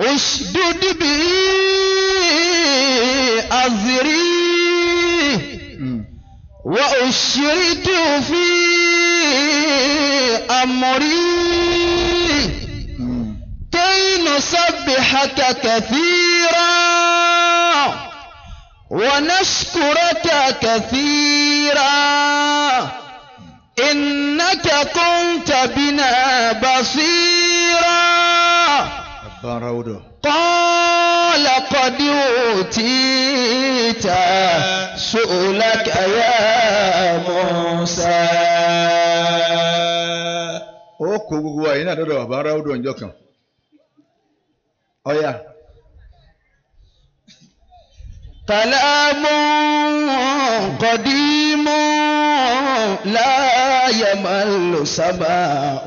اشدد به أذري وأشرت في أمري كي نسبحك كثيرا ونشكرك كثيرا إنك كنت بنا بصيرا Faraudo. Kọ́ọ̀lá kọ́dí òtítà sóòlákàyà Mùsà. Ó kó gbogbo àyè náà dọ́dọ̀ bàbá Ráúdò ọjọ́ kan. Ọ̀yà. Kàlámù kọ́dímù láyàmà lò sábà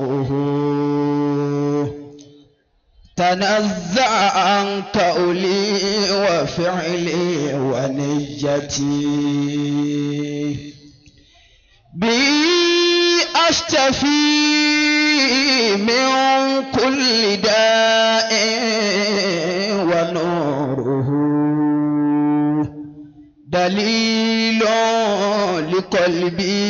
òhun. تنزع عن قولي وفعلي ونيتي بي أشتفي من كل داء ونوره دليل لقلبي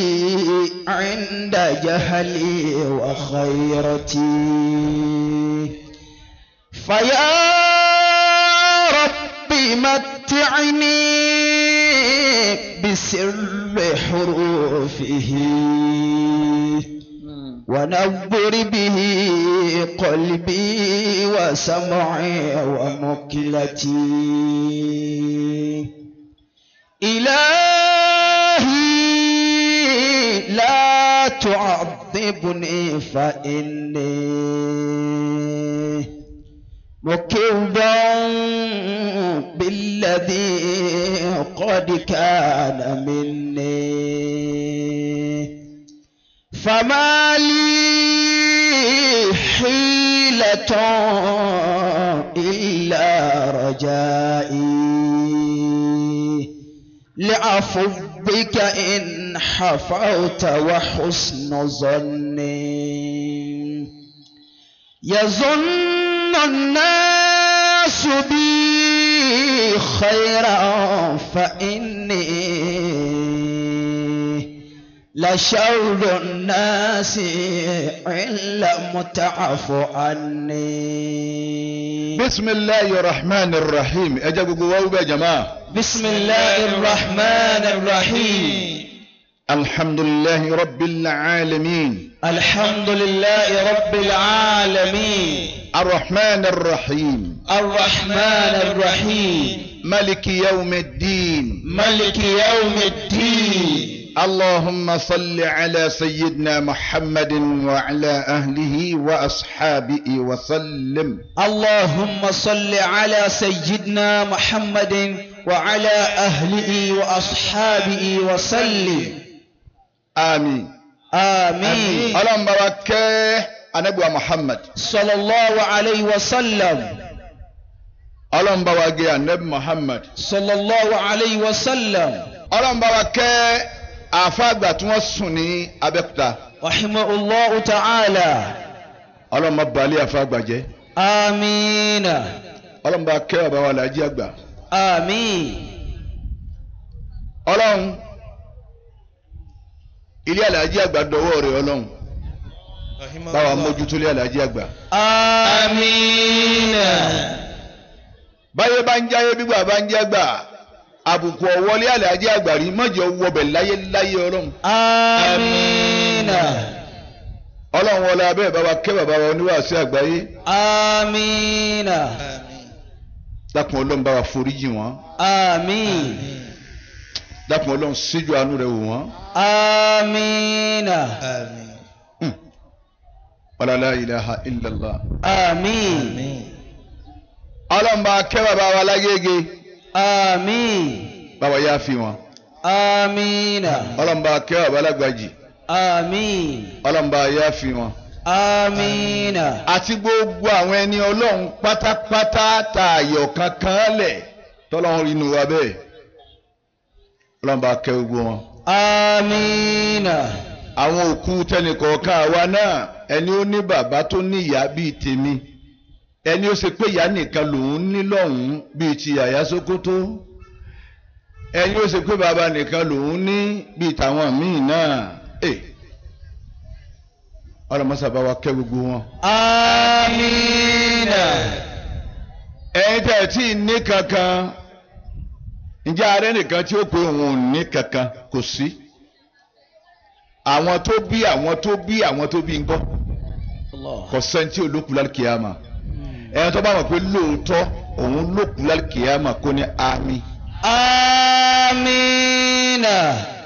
عند جهلي وخيرتي فيا رب متعني بسر حروفه ونور به قلبي وسمعي ومكلتي إلهي لا تعذبني فإني مكيدا بالذي قد كان مني فما لي حيلة إلا رجائي لعفو بك إن حفوت وحسن ظني يظن الناس بي خيرا فإني لشول الناس إلا متعف عني بسم الله الرحمن الرحيم أجب جواب يا جماعة بسم الله الرحمن الرحيم الحمد لله رب العالمين الحمد لله رب العالمين الرحمن الرحيم الرحمن الرحيم ملك يوم الدين ملك يوم الدين اللهم صل على سيدنا محمد وعلى اهله واصحابه وسلم اللهم صل على سيدنا محمد وعلى اهله واصحابه وسلم àmín. àmín. ọlọ́run bá wa kẹ́ ànábì wa muhammad. sallallahu alayhi wa sallam. ọlọ́run bá wa gé ànábì muhammad. sallallahu alayhi wa sallam. ọlọ́run bá wa kẹ́ àfáàgbà tí wọ́n sùn ní abẹ́kúta. rahimahullahu ta'ala. ọlọ́run bá balẹ̀ àfáàgbà jẹ́. amiina. ọlọ́run bá kẹ́ bàbá wa làjí àgbà. àmín. ọlọ́run ilé alájí àgbà dọwọ́ rẹ̀ ọlọ́run báwa mójútó ilé alájí àgbà. amiina. báyé bá ń jáyé gbígbà bá ń jágbà àbùkù ọ̀wọ́lé alájí àgbà rí mọ́jọ wọbẹ̀ láyé láyé ọlọ́run. amiina. ọlọ́run wọlé abẹ́ bàbá kẹ́ bàbá wa oníwàásù àgbáyé. amiina. dákun ọlọ́run bá wa foríjì wọn. amiina dákun ọlọ́run síjú àánú rẹ̀ wò wọ́n. amiina. wala hmm. la ilaha illallah. àmín. ọlọ́run bá kẹ́ bàbá wa lágége. àmín. bàbá yá fi wọn. amiina. ọlọ́run bá kẹ́ bàbá lágbàjì. àmín. ọlọ́run bá fi wọn amiina. àti gbogbo àwọn ẹni ọlọ́run pátápátá tààyọ̀ kankan lẹ̀ tọ́lọ́run rí wa bẹ́ẹ̀ ọlọ́run bá kẹ́ gbogbo wọn. amiina. àwọn òkú tẹnìkọ̀ọ̀kan àwa náà ẹni ó ní bàbá tó ní ìyá bíi tèmi ẹni ó ṣe pé ìyá nìkan lòun ní lọ́hùn-ún bíi ti yàyà Sókótó ẹni ó ṣe pé bàbá nìkan lòun ní bíi tàwọn míì náà eh. ọlọmọsà bá wa kẹ́ gbogbo wọn. amiina. ẹ̀yin tẹ̀ ní kankan ǹjẹ́ ààrẹ nìkan tí ó pe òun ní kankan kò sí àwọn tó bí àwọn tó bí àwọn tó bí ń gbọ́ kò sẹ́ni tí olókùn lálùkìyàmà ẹni tó bá mọ̀ pé lóòótọ́ òun lókùn lálùkìyàmà kò ní àmì. amina.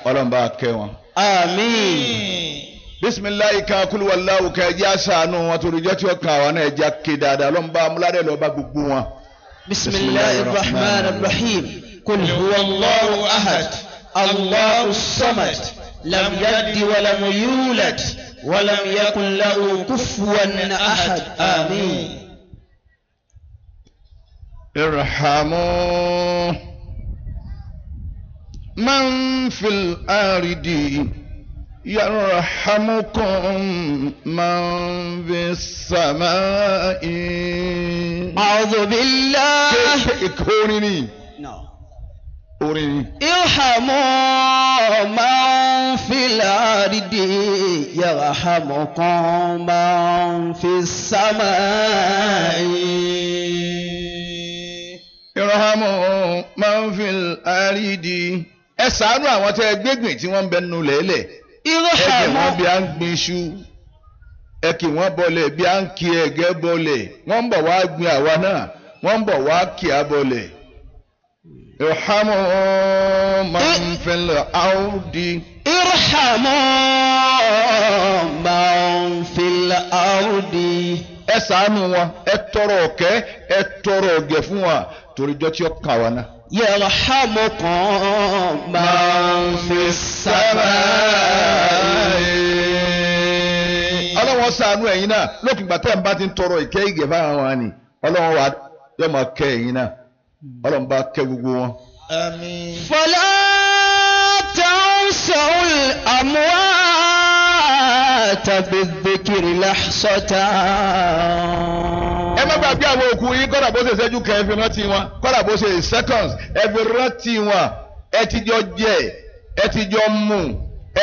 ọlọ́run bá kẹ́ wọn. àmín. bisimilayi kan kulu kan ẹja sànù wọn torí jẹ́ tí ó kàn wọn ẹja ké dáadáa ọlọ́run gbogbo wọn. bisimilayi rahman rahim. قل هو الله أحد الله الصمد لم يلد ولم يولد ولم يكن له كفوا أحد آمين ارحموا من في الأرض يرحمكم من في السماء أعوذ بالله orin ni. irhamu máa ń fi láàrídì yarhamu kan máa ń fi sámà yìí. irhamu máa fi láàrídì ẹ ṣàánú àwọn tẹ ẹ gbégbìn tí wọ́n ń bẹ nínú lẹ́lẹ̀ ẹ jẹ wọ́n bí a ń gbin iṣu ẹ kì wọ́n bọlẹ̀ bí a ń kí ẹ̀gẹ́ bọlẹ̀ wọ́n ń wá gbin àwa náà wọ́n ń wá kí a bọlẹ̀. ارحموا من في الأرض ارحموا من في الأرض ọlọ́wọ́n ẹ̀yin náà tẹ́ ẹ̀ bá ti wa ọlọ́wọ́n Hmm. ọlọ́run bá kẹ́ gbogbo wọn. fọlá táwọn sọ̀hún àmúwá tàbí bẹ́kìrì lásọ̀tà. ẹ má gbàgbé àwọn òkú yín kọ́dà bó ṣe ṣẹ́jú kan ẹ fi rántí wọn kọ́dà bó ṣe seconds ẹ fi rántí wọn ẹ ti jọ jẹ ẹ ti jọ mu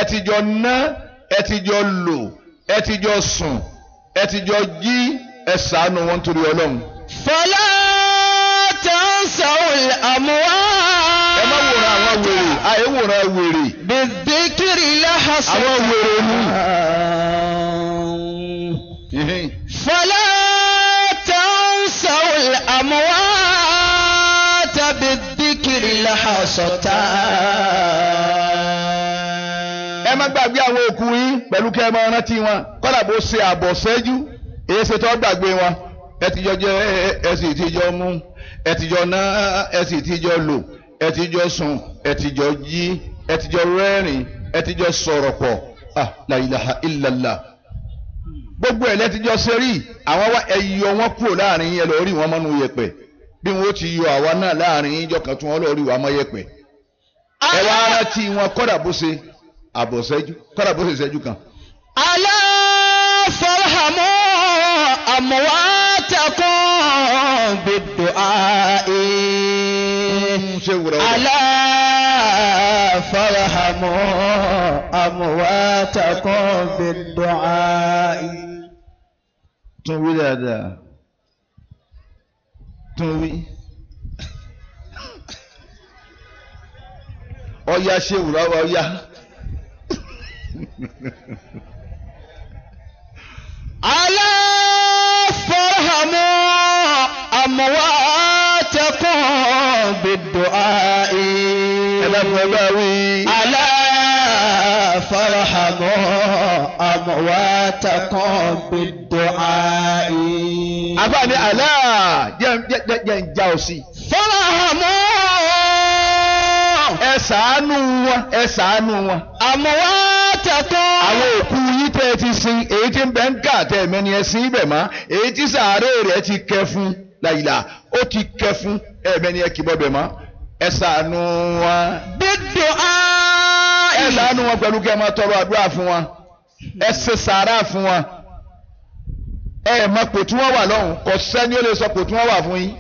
ẹ ti jọ ná ẹ ti jọ lò ẹ ti jọ sùn ẹ ti jọ jí ẹ ṣàánú wọn torí ọlọ́run. fọlá. tansaw al-amwal. ẹ má wòran àwọn wèrè àyè wòran wèrè. bèbèkiri lahasa. àwọn wèrè ni. fala tansaw al-amwal bèbèkiri lahasata. ẹ má gbàgbé àwọn òkú yín pẹ̀lú kẹ́ ẹ máa rántí wọn ẹ ti jọ jẹ ẹ naa jọ lò ẹ sùn ah, la ilaha gbogbo ẹ̀ lẹ́tijọ́ sẹ́rí àwọn wa ẹ̀yọ wọn kúrò láàrin yẹn lọ́ọ́ rí wọn mọ́nu yẹpẹ̀ bí wọn ti yọ àwa náà láàrin yín jọkàn tí wọn lọ́ọ́ rí wa mọ́ yẹpẹ̀ ẹ wá rántí wọn bó ṣe kan. alá farhamu àmọ́wá tẹ̀kọ́ du'a'i ala farhamu amwatakum bid du'a'i. tún wí dáadáa tún wí. Oh, ọya ṣe wùrà wa ọya oh, aláfọ̀hàmọ́ أمواتكم بالدعاء ألا فارحموا أمواتكم بالدعاء أباني ألا جنجاو سي فارحموا أسانوا أسانوا أمواتكم tẹ̀tọ́. àwọn òkú yín tẹ́ ẹ ti sin èyí tí ń bẹ́ ń kà tẹ́ ẹ̀mẹ́ni ẹ sí ibẹ̀ mọ́ èyí tí sàárè rẹ̀ ti kẹ fún láyìlá ó ti kẹ́ fún ẹ̀ẹ̀mẹ́ni ẹ kì í bọ́bẹ̀ mọ́ ẹ ṣàánú wọn. dídò á. ẹ ṣàánú wọn pẹ̀lú kẹ́ ẹ máa tọrọ àdúrà fún wọn ẹ ṣe sàárà fún wọn ẹ mọ pò tí wọ́n wà lọ́hùn kò sẹ́ni ó lè sọ pò tí wọ́n wà fún yín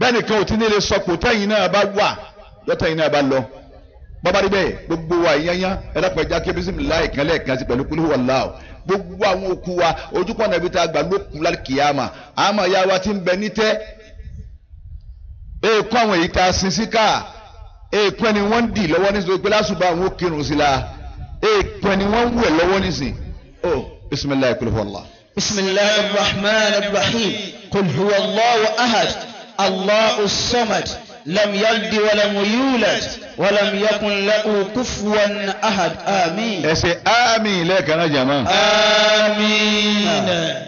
bẹ́ẹ̀ nìkan ò tí ní lè sọ pò tẹ́yìn náà bá wà lọ́tẹ̀yìn náà bá lọ bọ́bá rí bẹ́ẹ̀ gbogbo wa yányá ẹ dápẹ́ kébísí mi láì kan lẹ́ẹ̀kan sí pẹ̀lú kúlúwàláwò gbogbo àwọn òkú wa ojúkọ̀ nàbí tá a gbà ló kú lálùkìyàmà àmọ́ ìyá wa ti ń bẹ nítẹ́ èèkó àwọn èyí tá a sin síkà èèkó ẹni wọ́n ń dì lọ́wọ́ nísìnyí pé lásùbà àwọn ó kírun sí la èèkó ẹni wọ́n ń wẹ̀ lọ́wọ́ nísìnyí o oh, bisimilayi kulufọlá. bisimilayi rahman rahim kulhuwa allahu ahad allahu samad. لم يلد ولم يولد ولم يكن له كفوا أحد آمين ẹ ṣe لك lẹ́ẹ̀kan náà jàmá. àmín.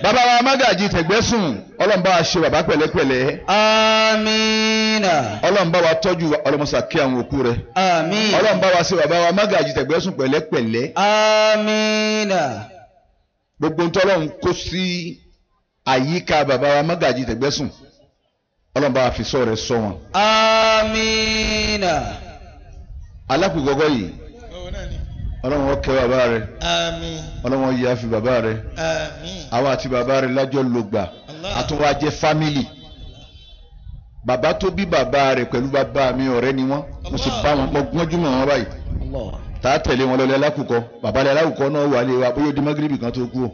bàbá wa mágàjì tẹ̀gbẹ́sùn ọlọ́run bá wa ṣe bàbá pẹ̀lẹ́pẹ̀lẹ́. àmín. ọlọ́run bá wa tọ́jú ọlọ́mọṣà kí àwọn òkú rẹ̀. àmín. ọlọ́run bá wa ṣe bàbá wa mágàjì tẹ̀gbẹ́sùn pẹ̀lẹ́pẹ̀lẹ́. àmín. gbogbo ntọ́lọ́run kó sí àyíká bàbá wa mágàjì tẹ̀gbẹ́sùn ọlọ́run bá fi sọ rẹ̀ sọ wọn. amiina. alákùgọ́gọ́ yìí ọlọ́run ó kẹ́ bàbá rẹ̀ àmín ọlọ́run ó yà fi bàbá rẹ̀ àmín àwa àti bàbá rẹ̀ lájọ́ lògbà àtúnwájẹ́ fámìlì bàbá tó bí bàbá rẹ̀ pẹ̀lú bàbá mi ọ̀rẹ́ ni wọ́n mo sì bá wọn gbọ́njú mọ̀ wọn báyìí tá a tẹ̀lé wọn lọ́lẹ́ alákùkọ bàbá rẹ̀ alákùkọ náà wà lé wa bóyá ó di magrebi kan tó kú o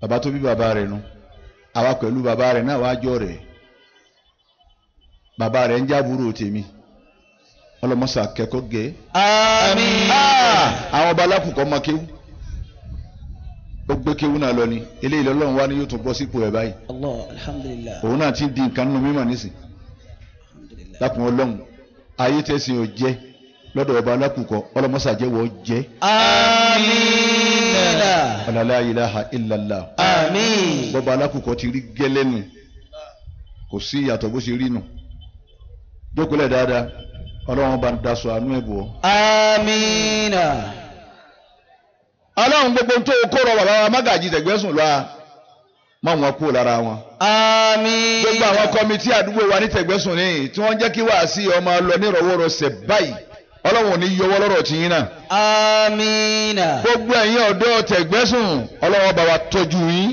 bàbá tó bí bàbá rẹ̀ nu àwa pẹ̀lú bàbá rẹ̀ náà wájọ́ rẹ̀ bàbá rẹ̀ ń jábúrò tèmi ọlọmọsà kẹkọọ gẹ. àmín. Ah, àwọn ọba alákùnkọ mọ kéwú ó gbé kéwú náà lọ ni eléyìí lọ́lọ́run wá ní yóò tún bọ́ sípò ẹ̀ báyìí. Allah alhamdulillah. òun náà ti di nǹkan nínú mímọ̀ nísìn. alhamdulillah. lápò ọlọ́run ayé tẹ̀sìn ò jẹ́ lọ́dọ̀ ọba alákùnkọ ọlọmọsà jẹ́wọ́ jẹ́. àmín. ọ̀làlá ilaha illallah. àmín. bọ́ba alákùnkọ ti rí gẹ́lẹ́nu kò sí ìyàtọ̀ bó ṣe rí nù. No jókòólẹ̀ dáadáa ọlọ́run bá ń daṣọ àánú ẹ̀ bò. amiina ọlọ́run gbogbo tó kó rọ bàbá wa mágàjì tẹ̀gbẹ́sùn lọ́wọ́ máa wọn lára wọn. Amina. gbogbo àwọn kọmitì àdúgbò wa ní tẹ̀gbẹ́sùn ni tí wọ́n jẹ́ kí wàásì ọmọ lọ ní báyìí ọlọ́run ò ní yọwọ́ lọ́rọ̀ náà. gbogbo ẹ̀yin ọ̀dọ́ tẹ̀gbẹ́sùn ọlọ́run bá wa tọ́jú yín.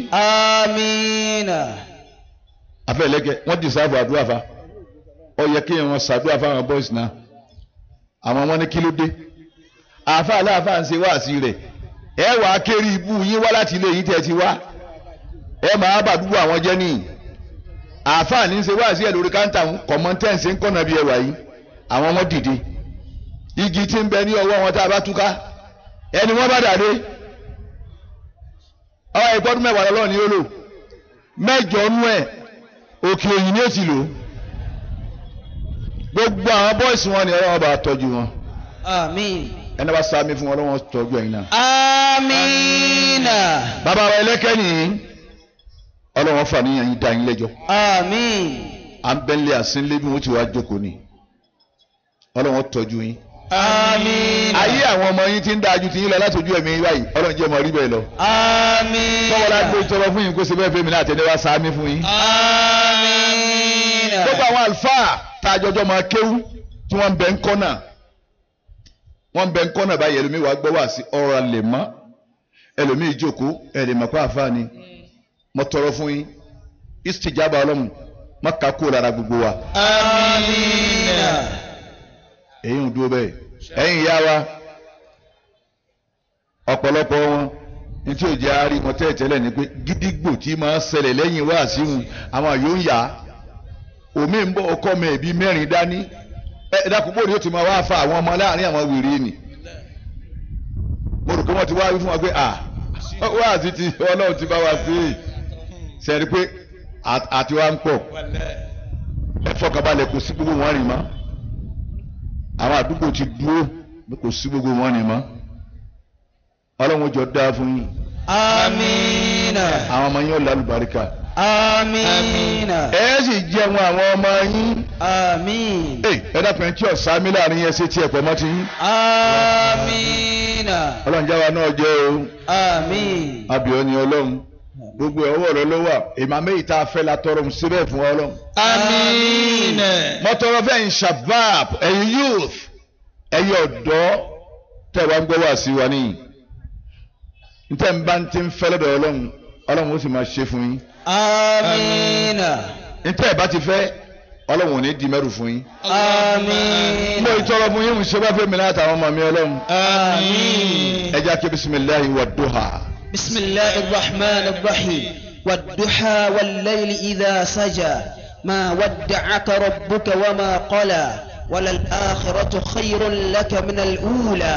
ó yẹ kí wọn ṣàdúrà fáwọn boys náà àwọn wọn ní kí ló dé àáfà aláàfà ń ṣe wáàsí rẹ̀ ẹ wàá kéré ibú yín wá láti ilé yìí tẹ́ ti wá ẹ máa bàdúgbò àwọn jẹ́ nìyí àáfà ní ṣe wáàsí ẹ̀ lórí káńtà kọ̀mọ́ntẹ́ǹsì ń kọ̀nà bí ẹwà yìí àwọn ọmọ dìde igi tí ń bẹ ní ọwọ́ wọn tá a bá túká ẹni wọ́n bá dàdé ọ ìgbọ́dún mẹ́wàá lọ́lọ́ ni ó lò mẹ́jọ nú ẹ̀ òkè òyìn ni ó ti lò ó gbogbo àwọn bọ́ìsì wọn ni ọlọ́wọ́ bá tọ́jú wọn. ẹni bá sami fún wọn lọ́wọ́ tọ́jú ẹ̀yin náà. amiina. bàbá wa ẹlẹ́kẹ́ nìyí ọlọ́wọ́ fàníyàn yín dá yín lẹ́jọ́. àmín. à ń bẹ́ńlẹ̀ àsínlẹ̀ bí wọ́n ti wá jókòó ni ọlọ́wọ́ tọ́jú yín. Àmín. Ayé àwọn ọmọ yín ti ń dájú ti yín lọ láti ojú ẹ̀mí báyìí. Ọlọ́run jẹ́ ọmọ rí bẹ́ẹ̀ lọ. Àmín. Tọ́wọ́ tá a jọjọ́ máa kéwú tí wọ́n ń bẹ ń kọ́nà wọ́n ń bẹ ń kọ́nà báyìí ẹlòmíì wàá gbọ́ wá sí ọ̀rọ̀ àlè mọ́ ẹlòmíì jókòó mo tọrọ fún yín ọlọ́run má kà kó gbogbo wa. àmín. èyí dúró bẹ́ẹ̀ ẹ̀yin wa ọ̀pọ̀lọpọ̀ wọn ní tí ò jẹ́ ni pé tí máa ń ṣẹlẹ̀ lẹ́yìn omi ń bọ̀ ọkọ mọ ẹbí mẹ́rin dání ẹ dákun bóòlù yóò ti máa wá fa àwọn ọmọ láàrin àwọn wèrè ni mo rò ti wá wí fún wa pé à wá àti ti Ọlọ́run ti bá wa sí i sẹni pé àti wa ń pọ̀ ẹ fọkànbalẹ̀ kò sí gbogbo wọn rìn mọ́ àwọn àdúgbò ti dúró kò sí gbogbo wọn rìn mọ́ Ọlọ́run jọ dáa fún yín. amiina. àwọn ọmọ yẹn ò lálùbáríkà àmín. ẹ sì jẹun àwọn ọmọ yín. àmín. ẹ dákun ẹ tí ọ̀sá mi láàrin yẹn ṣe tiẹ̀ pẹ̀ mọ́ ti yín. àmín. ọlọ́run jáwa náà jẹ́ o. àmín. abiyọ ni ọlọ́run gbogbo ọwọ́ rẹ ló wà ìmàmé yìí tá a fẹ́ la tọrọ mu síbẹ̀ fún ọlọ́run. àmín. mo tọrọ fẹ́ nshabab ẹ̀yin youth ẹ̀yin ọ̀dọ́ tẹ̀ wá ń gbọ́ wá wa níyì ntẹ̀ ń bá ń ti ń fẹ́ lọ́dọ̀ ọlọ́run ọlọ́run ó sì máa ṣe fún yín. Amen. ntẹ́ bá ti fẹ́ ọlọ́run ní di mẹ́rù fún yín. Amen. mo ìtọrọ fún yín mo ṣe bá fẹ́ mi láti àwọn mami ọlọ́run. Amen. ẹ jẹ́ kí bisimilayi wa duha. Bismillah ar rahman ar rahim wa duha wal layli idha saja ma wadda'aka rabbuka wa ma qala wala al-akhiratu khayrun laka min al-ula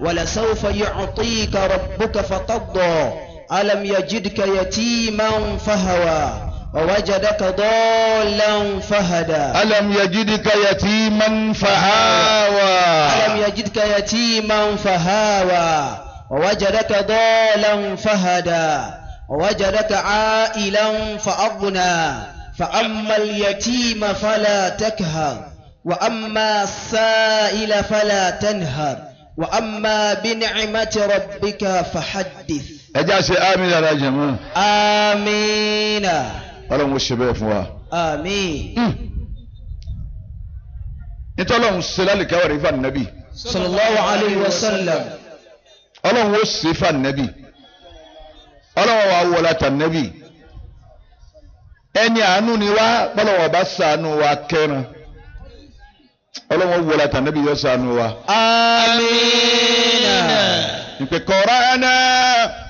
wala sawfa yu'tika rabbuka fatadda. ألم يجدك يتيما فهوى ووجدك ضالا فهدى ألم يجدك يتيما فهاوى ألم يجدك يتيما فهاوى ووجدك ضالا فهدى ووجدك عائلا فأغنى فأما اليتيم فلا تكهر وأما السائل فلا تنهر وأما بنعمة ربك فحدث ẹjá ṣe àmì dára jẹ̀mọ́. amina. ọlọ́run ó ṣe bẹ́ẹ̀ fún wa. àmín. Hmm. nítọ́lọ́run ṣe lálùkẹ́ ọ̀rẹ́ ifá nàbì. sallallahu alayhi wa sallam. ọlọ́run ó ṣe ifá nàbì. ọlọ́run wa wọ láta nàbì. ẹni àánú ni wá bọ́lọ́wọ́ bá sànú wa kẹran. ọlọ́run ó wọ láta nàbì sànú wa. amina. ìpè kọ́ra náà.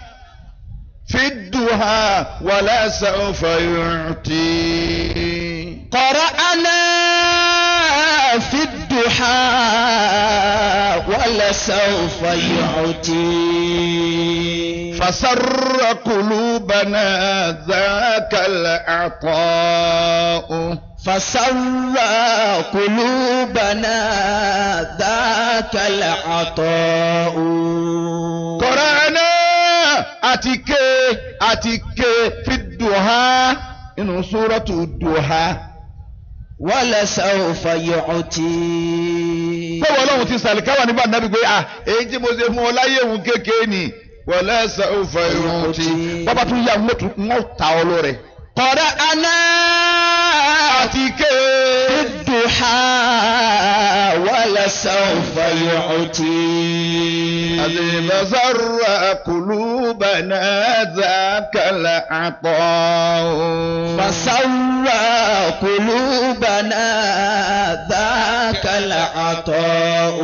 في الدهى ولا سوف يعطي قرأنا في الدحى ولا سوف يعطي فسر قلوبنا ذاك العطاء فسر قلوبنا ذاك العطاء قرأنا àti ké àti ké fi dùhá nínú sórọ́tù dùhá. wala sawfa yu'ti. báwo ọlọ́run ti sàlìkáwà nígbà náà bí pé à ah, èyí tí mo ṣe fún ọ láyé òun kékeré ni wala sawfa yu'ti. bàbá tún yà wọ́n tún ta ọ lọ́rẹ̀. kọ̀dá aná àti ké fi dùhá. ولسوف يعطي أذهب زر قلوبنا ذاك العطاء فسوى قلوبنا ذاك العطاء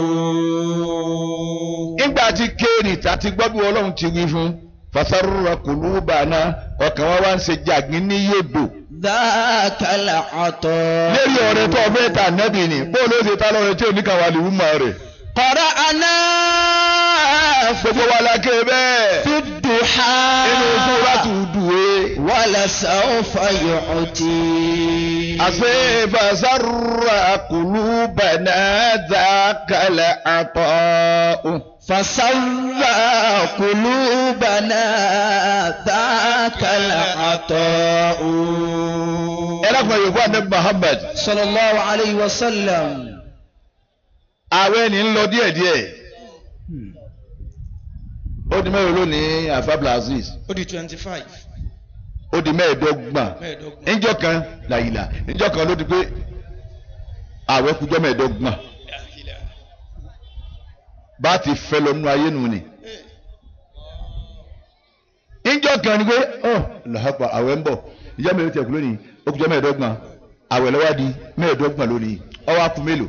nígbà tí kéèrì àti gbọ́dọ̀ ọlọ́run ti wí fún fasarura kùlùbànà ọkàn wa wá ń ṣe jàgín ní yèbò dákàlà àtọ̀. lórí ọ̀rẹ́ tó ọbẹ̀ ta nẹ́bì ni bóòlù ó ṣe ta lọ́rẹ́ tí ò ní kàwálì wúmọ̀ rẹ̀. طرا انا فوالا في الدحاء ولا سوف يعطي اصيب زر قلوبنا ذاك العطاء فسوى قلوبنا ذاك العطاء يا محمد صلى الله عليه وسلم ààwẹ̀ ni ń lọ díẹ̀díẹ̀ hmm. ó di mẹ́rin lónìí alfa blaziz. ó di twenty five. ó di mẹ́ẹ̀ẹ́dọ́gbọ̀n níjọ́ kan làyìlà níjọ́ kan ló di pé ààwẹ̀ kújọ́ mẹ́ẹ̀ẹ́dọ́gbọ̀n bá a ti fẹ́ lọ nínú ayé nù ni níjọ́ kan ni pé ọ oh, làhápà ààwẹ̀ ń bọ̀ ìjọ́ mẹ́rin tẹ̀kú lónìí ó kújọ́ mẹ́ẹ̀ẹ́dọ́gbọ̀n ààwẹ̀ ló di mẹ́ẹ̀ẹ́dọ́gbọ̀n lónìí ó wá mélòó.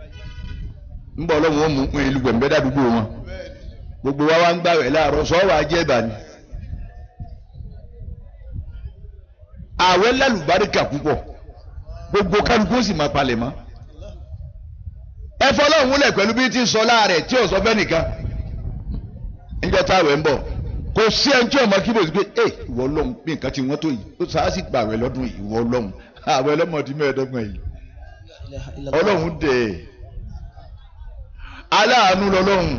ń bọ̀ lọ́wọ́ mú pin ìlúgbẹ̀ ńbẹ́ dàdúgbò gbogbo wa wá ń gbàwẹ̀ láàárọ̀ sọ́wọ́ ìbàní. gbogbo kálukú sì máa palẹ̀ mọ́. ẹ pẹ̀lú bí ń sọ láàrẹ̀ tí ò sọ nìkan ń bọ̀ kò sí ẹni tí ọmọ kí ẹ ìwọ Ọlọ́run bí nǹkan wọ́n tó yìí ó sì gbàwẹ̀ aláàánú lọ́lọ́hùn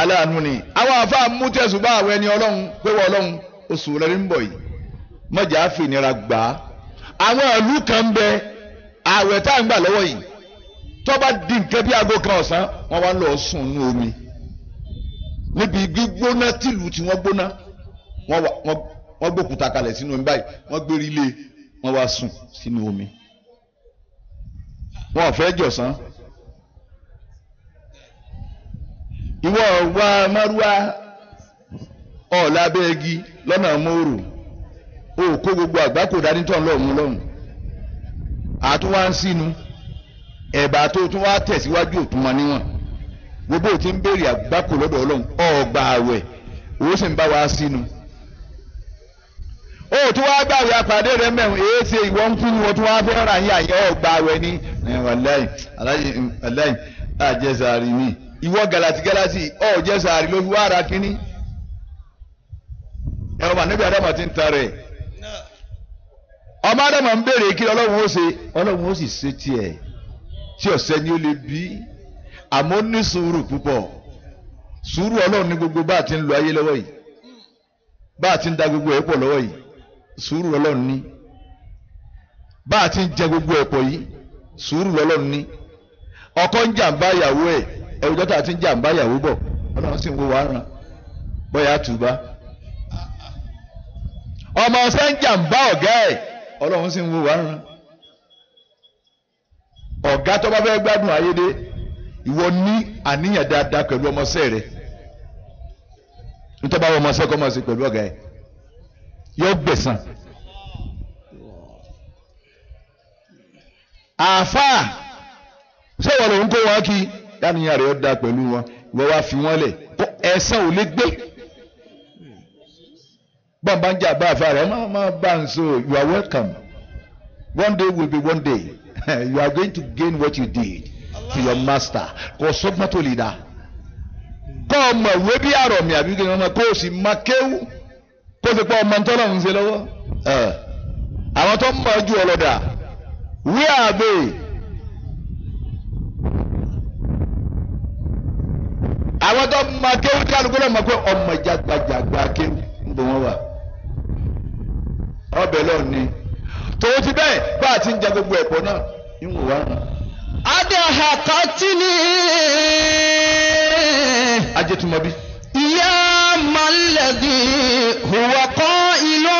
aláàánú ni àwọn àfáà mú tẹ̀sùbá àwọn ẹni ọlọ́hun pé wọ́n ọlọ́hun oṣù rẹ̀ ń bọ̀ yìí mọ̀jà àfìnira gbà á àwọn ìlú kan bẹ ààwẹ̀ tá à ń gbà lọ́wọ́ yìí tó di nǹkan bí aago kan ọ̀sán wọ́n wá lọ sùn ní omi níbi gbígbóná tìlù tí wọ́n gbóná wọ́n gbókùtà kalẹ̀ sínú omi báyìí wọ́n gbérí ilé wọ́n wá sùn sínú omi. wọn ò fẹ́ jọ̀sán ìwọ wa márúwá ọ̀la abẹ́ẹ́gi lọ́nà mòrò o kó gbogbo àgbákò dání tán lọ́hùn lọ́hùn àtúwá ń sínú ẹ̀bà tó tún wá tẹ̀síwájú òtún wa níwọ̀n gbogbo ò ti ń béèrè lọ́dọ̀ ọlọ́hùn ó tún wá gbàwé apàdé rẹ mẹ́rin èyí ṣe ìwọ ń kúrú wọn tún wá fẹ́ ra yín àyẹ́ ọ̀ gbàwé ní. aláì aláì àjẹsàárì mi ìwọ galati galati ọ jẹsàárì ló fi wá ra kínní. ẹ ọmọ níbi ti ń ta rẹ ọmọ adama ń béèrè kí ọlọ́run ó ṣe ọlọ́run ó sì ṣe tiẹ̀ tí ọ̀sẹ̀ ni ó lè gbogbo bá a ti ń lo ayé lọ́wọ́ yìí bá gbogbo ẹ̀ pọ̀ lọ́wọ́ sùúrù ọlọ́run nni bá a gbogbo ẹ̀pọ̀ yìí sùúrù ọlọ́run ọkọ ń jàǹbá ìyàwó ẹ̀ ẹ̀wùjọ́ tá ti ń jàǹbá ìyàwó bọ̀ ọlọ́run sì ń wo wàá ràn bọ́yá tùbá ọmọ yóò gbẹ̀san àáfàá ṣé wọn lòun kó wọn kí yánìyàn rẹ̀ da pẹ̀lú wọn ìwọ wá fi wọn lẹ̀ kó ẹ̀san ò lè gbé bàbá ń jà bá àáfàá rẹ̀ máa máa bá ń so you are welcome one day will be one day you are going to gain what you did to your master kò sọ́gbọ́n tó lè dá kọ́ ọmọ ìwé bí àrọ̀ mi àbí kí sì máa kéwù. kó sì pọ̀ ọmọ ntọ́lọ̀ ń ṣe lọ́wọ́ àwọn tó ń mọ̀ ju ọlọ́dà wí àbẹ̀ àwọn tó náà pé ọmọ jagbajagba kéwù ń bọ̀ wọ́n wà ọbẹ̀ ni tòun ti bẹ́ẹ̀ bá a ti ń jẹ gbogbo ẹ̀kọ́ náà ìwọ̀n wà adahakatini. ajẹtumabi. ìyá. فأما الذي هو قائل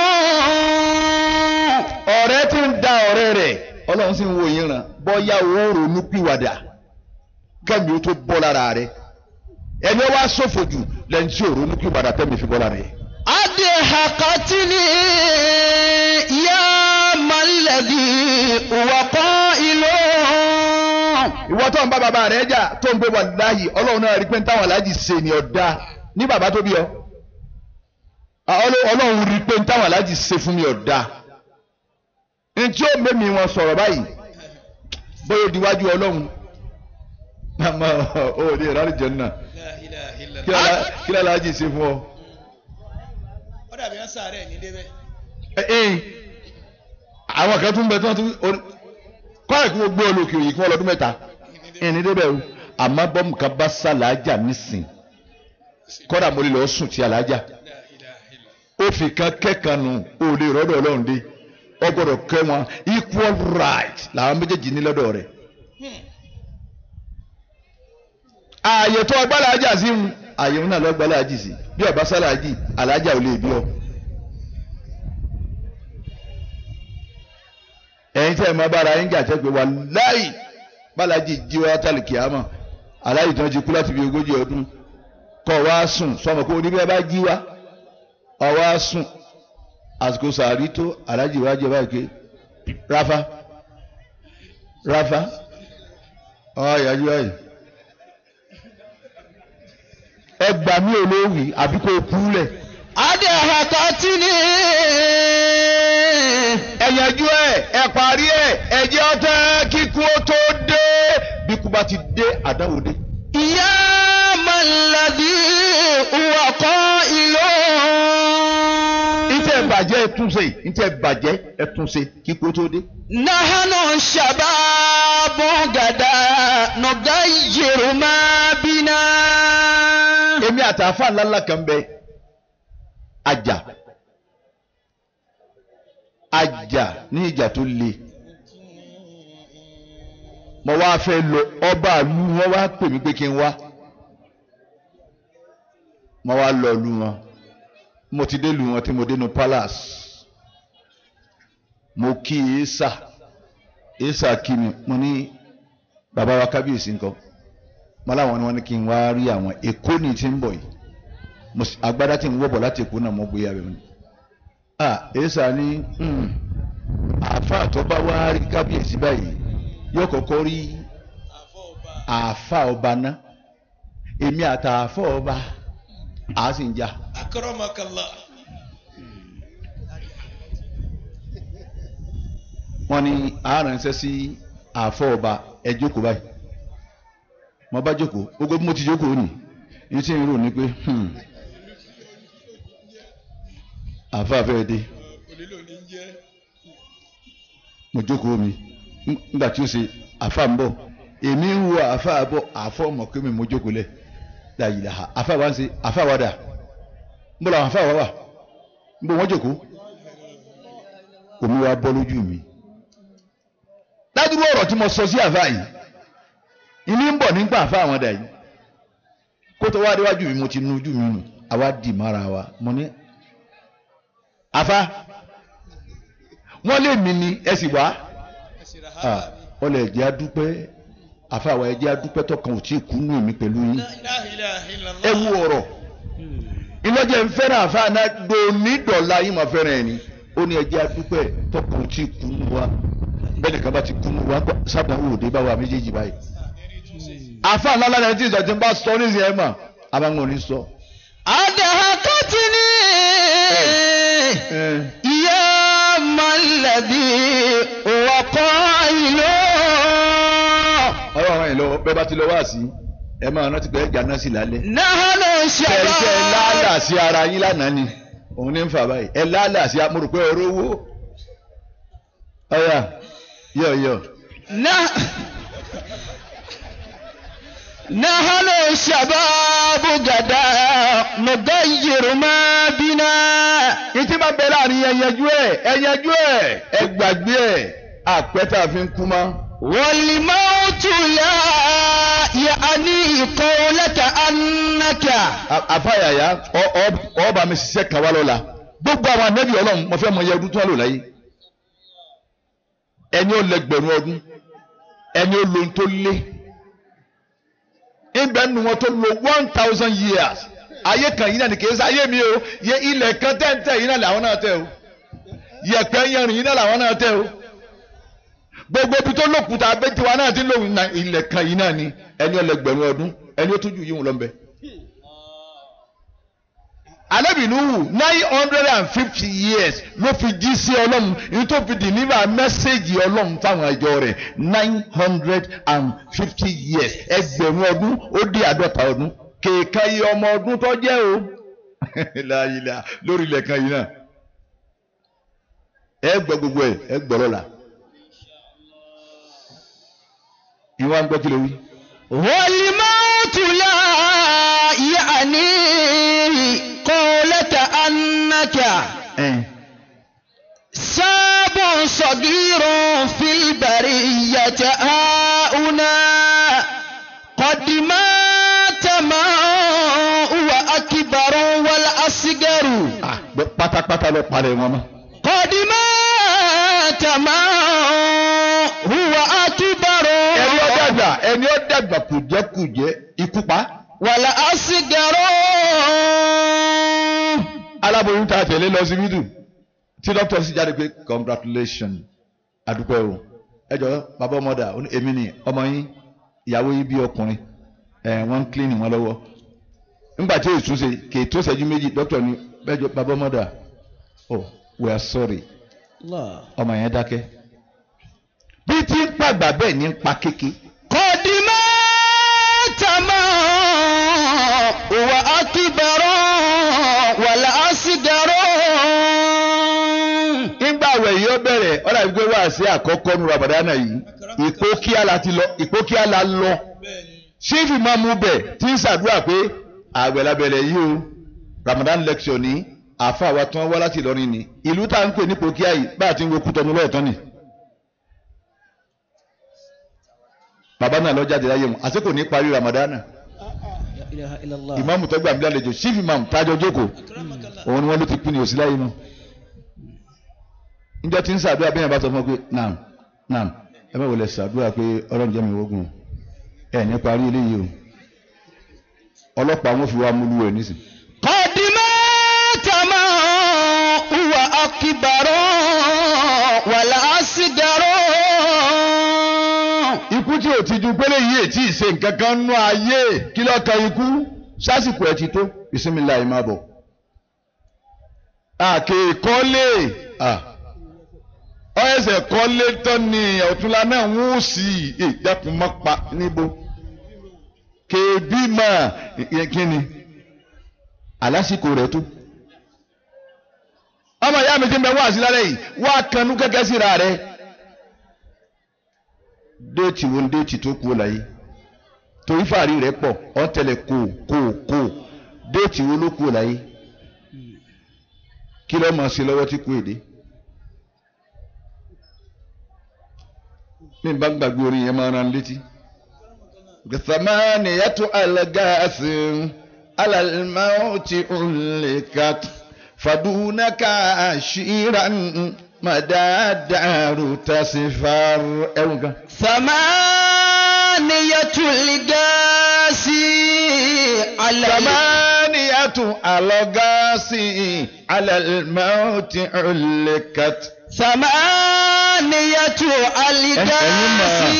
da ọ̀rẹ́ rẹ̀ ọlọ́run sì ń wo yín ràn bọ́yá òórùn ní otu kẹ́mi ó tó bọ́ lára rẹ̀ ẹni wá ṣòfò jù lẹ́yìn tí tẹ́mi fi bọ́ lára rẹ̀. adé hakati ni ya malẹ̀dì wọ́pọ̀ ìlú. ìwọ tó ń bá bàbá rẹ̀ jà tó ń gbé ọlọ́run náà rí pé ní bàbá tó bí ọ ọlọ́run rí i pé táwọn aláàjì ṣe fún mi ọ̀dà ntí ó mẹ́mi wọn sọ̀rọ̀ báyìí bóyá diwájú ọlọ́run mama o ní ìrárí jẹ náà kí lálẹ́ aláàjì ṣe fún ọ. ó dàbí wọn sàárẹ̀ ní débẹ̀. àwọn kan tún bẹ tí wọn tún kọ́ ẹ̀kú gbé olókè òyìnbó ọlọ́dún mẹ́ta ìní débẹ̀ o àmọ́ bọ́mù kan bá sàlàájà nísìn kọ́dà mo lè lọ sùn ti alájà ó fi kan kẹ́kan nù ó rọ́dọ̀ ọlọ́run dé ọ kẹ́ wọn equal right làwọn méjèèjì ní lọ́dọ̀ rẹ̀ ààyè tó ọgbà làájà sí mu ààyè náà lọ́gbà làájì sí bí ọba sálàájì alájà ò lè bí ọ. ẹ̀yin tẹ́ ẹ̀ máa bára yín jà tẹ́gbẹ̀ẹ́ wà láì bàlájì jíwá tálìkì àmọ́ aláì tán kú láti fi ogójì ọdún tọ́ ọ wá sùn sọmọ kó oníbẹ̀ bá jí wá ọ wá sùn àsìkò sàárì tó alájì wá jẹ báyìí pé ráfá ráfá ọ yájú báyìí ẹ gbà mí olówì àbí kò kú lẹ̀. adé àhàtà tí ni ẹ̀yànjú ẹ̀ ẹ̀ parí ẹ̀ ẹ̀jẹ̀ ọ̀tẹ̀ kíkú ó tó dé bí kú bá ti dé àdáwò dé. ìyá tún ṣe ní tí ẹ bàjẹ́ ẹ tún ṣe kí kó tó dé. nahanu shababu gada nọgá yeroma bina. èmi àtàfà ńláńlá kan bẹ ajá ajá ní ìjà tó le mo wá fẹ́ lọ ọba àlú wọn wá pè mí pé kí n wá mo wá lọ lu wọn mo ti dé lu wọn tí mo dé nu palace mo kí isa isa kí mi mo ní bàbá wa kábíyèsí nǹkan mo láwọn ni wọ́n ní kí n wá rí àwọn èkó ní ti ń bọ̀ yìí agbádá tí ń wọ̀bọ̀ láti èkó náà mo gbé yàrá mi ah isa ní hmm, àáfàá tó bá wá rí kábíyèsí báyìí yóò kọ́kọ́ rí àáfàá ọba náà èmi àtàáfàá ọba àá sì ń jà. akọrọmọkànlá. wọ́n ni àáránṣẹ́ sí ọba ẹ jókòó báyìí mo bá jókòó gbogbo bí mo ti jókòó ni ní tí n rò ní pé hmm. àfáàfẹ́ dé mo jókòó mi nígbà tí ó ṣe àfáà ń bọ̀ èmi ń wo àfáà ọmọ mi mo jókòó wa ń ṣe wa dà làwọn wa wà jókòó omi ládùúgbò ọ̀rọ̀ tí mo sọ sí àfa yìí ilé ń bọ̀ nígbà àfa àwọn dà yìí kó tó wá déwájú mi mo ti nu ojú mi nù àwa wa mo ní àfa ni ẹ sì wá ọlọ ẹ̀jẹ̀ adúpẹ́ àfa àwa ẹ̀jẹ̀ adúpẹ́ tọkàn ò tí ì kúnú èmi pẹ̀lú yín ẹ wú ọ̀rọ̀ ìlọ́jẹ̀ ń àfa náà dòní dọ̀la yín mà ni ó ní ẹ̀jẹ̀ adúpẹ́ tọkàn ò bẹ́ẹ̀ nìkan bá ti kú wa sábàáwò òde bá wa méjèèjì báyìí. àfa ńlá lára ẹni tí ìjọ ti ń bá sọ ní ìsìn ẹ̀ mà abáwọn ò ní sọ. àdàkà ti ní ìyá mọ̀lẹ́bí wọ̀kọ́ ìlú. ọlọ́run ẹ̀ bẹ́ẹ̀ bá ti lọ wá sí ẹ máa rántí pé ẹ náà sí lálẹ́. náà ló ṣe bá. kẹ̀kẹ́ lálà sí ara yín lánàá ni òun ní ń fà báyìí ẹ lálà sí amúrùpẹ́ ọ̀rọ̀ owó. Yo, yo. Nah. نحن شباب جدا نغير ما بنا ìtí máa bẹ láàrin ẹyẹjú ẹ ẹyẹjú ẹ ẹ gbàgbé ẹ àpẹta fi ń kú mọ. wọ́lì máa tún yá yà á ní ìkọ́ lẹ́kà á nàkà. àfàyàyà ọba mi ṣiṣẹ́ kàwá lọ́la gbogbo àwọn anẹ́bí ọlọ́run mo fẹ́ mọ iye ọdún tó wà lò láyé ẹni ó lẹgbẹ̀rún ọdún ẹni ó lo tó lé ibẹ̀ nu wọn tó lo one thousand years ayé kan yìí náà ni kìí ṣe ayé mi o yẹ ilẹ̀ kan tẹ́ǹtẹ́ yìí náà làwọn náà tẹ́ o yẹ̀pẹ̀ yẹrin yìí náà làwọn náà tẹ́ o gbogbo ibi tó lòkùtà abẹ́tiwa náà ti lò ilẹ̀ kan yìí náà ni ẹni ó lẹgbẹ̀rún ọdún ẹni ó tún jù wọn lọ́nbẹ̀ẹ́ anabi nuhu nine hundred and fifty years ló fi jí sí ọlọ́run ní tó fi dìníbà mẹ́sẹ̀gì ọlọ́run fáwọn ẹjọ́ rẹ̀ nine hundred and fifty years ẹgbẹ̀rún ọdún ó dé àádọ́ta ọdún kèékà iye ọmọ ọdún tó jẹ́ o láyìlá lórí ilẹ̀ kan yìí náà ẹ gbọ́ gbogbo ẹ ẹ gbọ́ lọ́la ìwà ń gbọ́ kí ló wí. wọ́n pátápátá lọ parẹ́ wọn mọ́. kọ́dímọ́ tàmá huwa akíbarọ̀. ẹni ó dàgbà ẹni ó dàgbà kùjẹ́kùjẹ́ ikú pa. wàlà á sì gẹ̀rọ. aláboyún tá a tẹ̀lé lọ sí bídù tí dókítà sì jáde pé congratulation adúpẹ́ o ẹ jọ bàbá ọmọdà èmi ni ọmọ yín ìyàwó yín bí ọkùnrin ẹ wọ́n ń clean wọn lọ́wọ́ nígbà tí èsùn ṣe kètò ṣẹ́jú méjì dókítà ni bẹ́ẹ̀ jọ bàbá mọ́dà oh we are sorry ọmọ yẹn dákẹ́ bí tí ń pàgbà bẹ́ẹ̀ ní ń pa kéke. kọ́dí máa tàmá wà á kí bẹ̀rọ̀ wà lá á sì dẹ̀rọ̀. nígbà àwẹ̀ yìí ó bẹ̀rẹ̀ ọ̀rọ̀ àbí pé wàá sí àkọ́kọ́ nu rabadana yìí ìpókíà la lọ ṣé ìfìmọ̀ mu bẹ̀ tí ń ṣàdúrà pé àgbẹ̀ labẹ̀rẹ̀ yìí o. Ramadan lecture ní àáfàá wa tí wọ́n wá láti Ìlọrin ní ìlú tá à ń pè ní Pòkíà yìí bá a ti ń wo Kútọ́nu lọ́ọ̀tán ni. bàbá náà lọ jáde láyé mu àti kò ní parí Ramadan ìmáàmù tó gbà lálejò chief imam tájọ jókòó òun ni wọ́n ló ti pín ní òsì láyé mu. níjọ́ tí ń sàdúrà bẹ́ẹ̀ bá sọ fún ọ pé naam naam ẹ má wọlé sàdúrà pé ọlọ́run jẹ́ mi wógun ẹ̀ ní parí eléyìí o ọlọ́pàá wọn fi wá múlú ẹ̀ nísìnyí. Kibaro, wàlá sígarọ́. ikú tí ò ti ju pélé yìí ètí ìṣe nǹkan kan nú ayé kí ló kan ikú sásìkò ẹ̀ ti tó ìsinmi láì máa bọ̀. àkèkọ́lé ọ̀ẹ́sẹ̀ kọ́lé tán ni ọ̀túnla náà ń wò sí ìjákun mọ́ pa níbo. kèébí mà kíni àlásìkò rẹ̀ tó ọmọ ìyá mi ti ń bẹ wá sí lálẹ́ yìí wá kanú kẹ́kẹ́ síra rẹ déètì wo ni déètì tó kú láyé torí fàárí rẹ pọ̀ ọ̀ tẹ̀lé kò kò kò déètì wo ló kú láyé kí ló máa ṣe lọ́wọ́ tí kú èdè mi bá gbàgbé orin yẹn máa ran létí. gẹ̀sàmánì yàtọ̀ àlàgà àsìn alàlùmáwò ti ń lè kàtó fàdúnàkà àṣírà màdàdàrú tàṣífàr ẹ̀rù kan. sàmániyàtú lìgásí alẹ́. sàmániyàtú alọ́gásí alẹ́ mọ́tì ọ̀lẹ́kàt. sàmániyàtú alìgásí.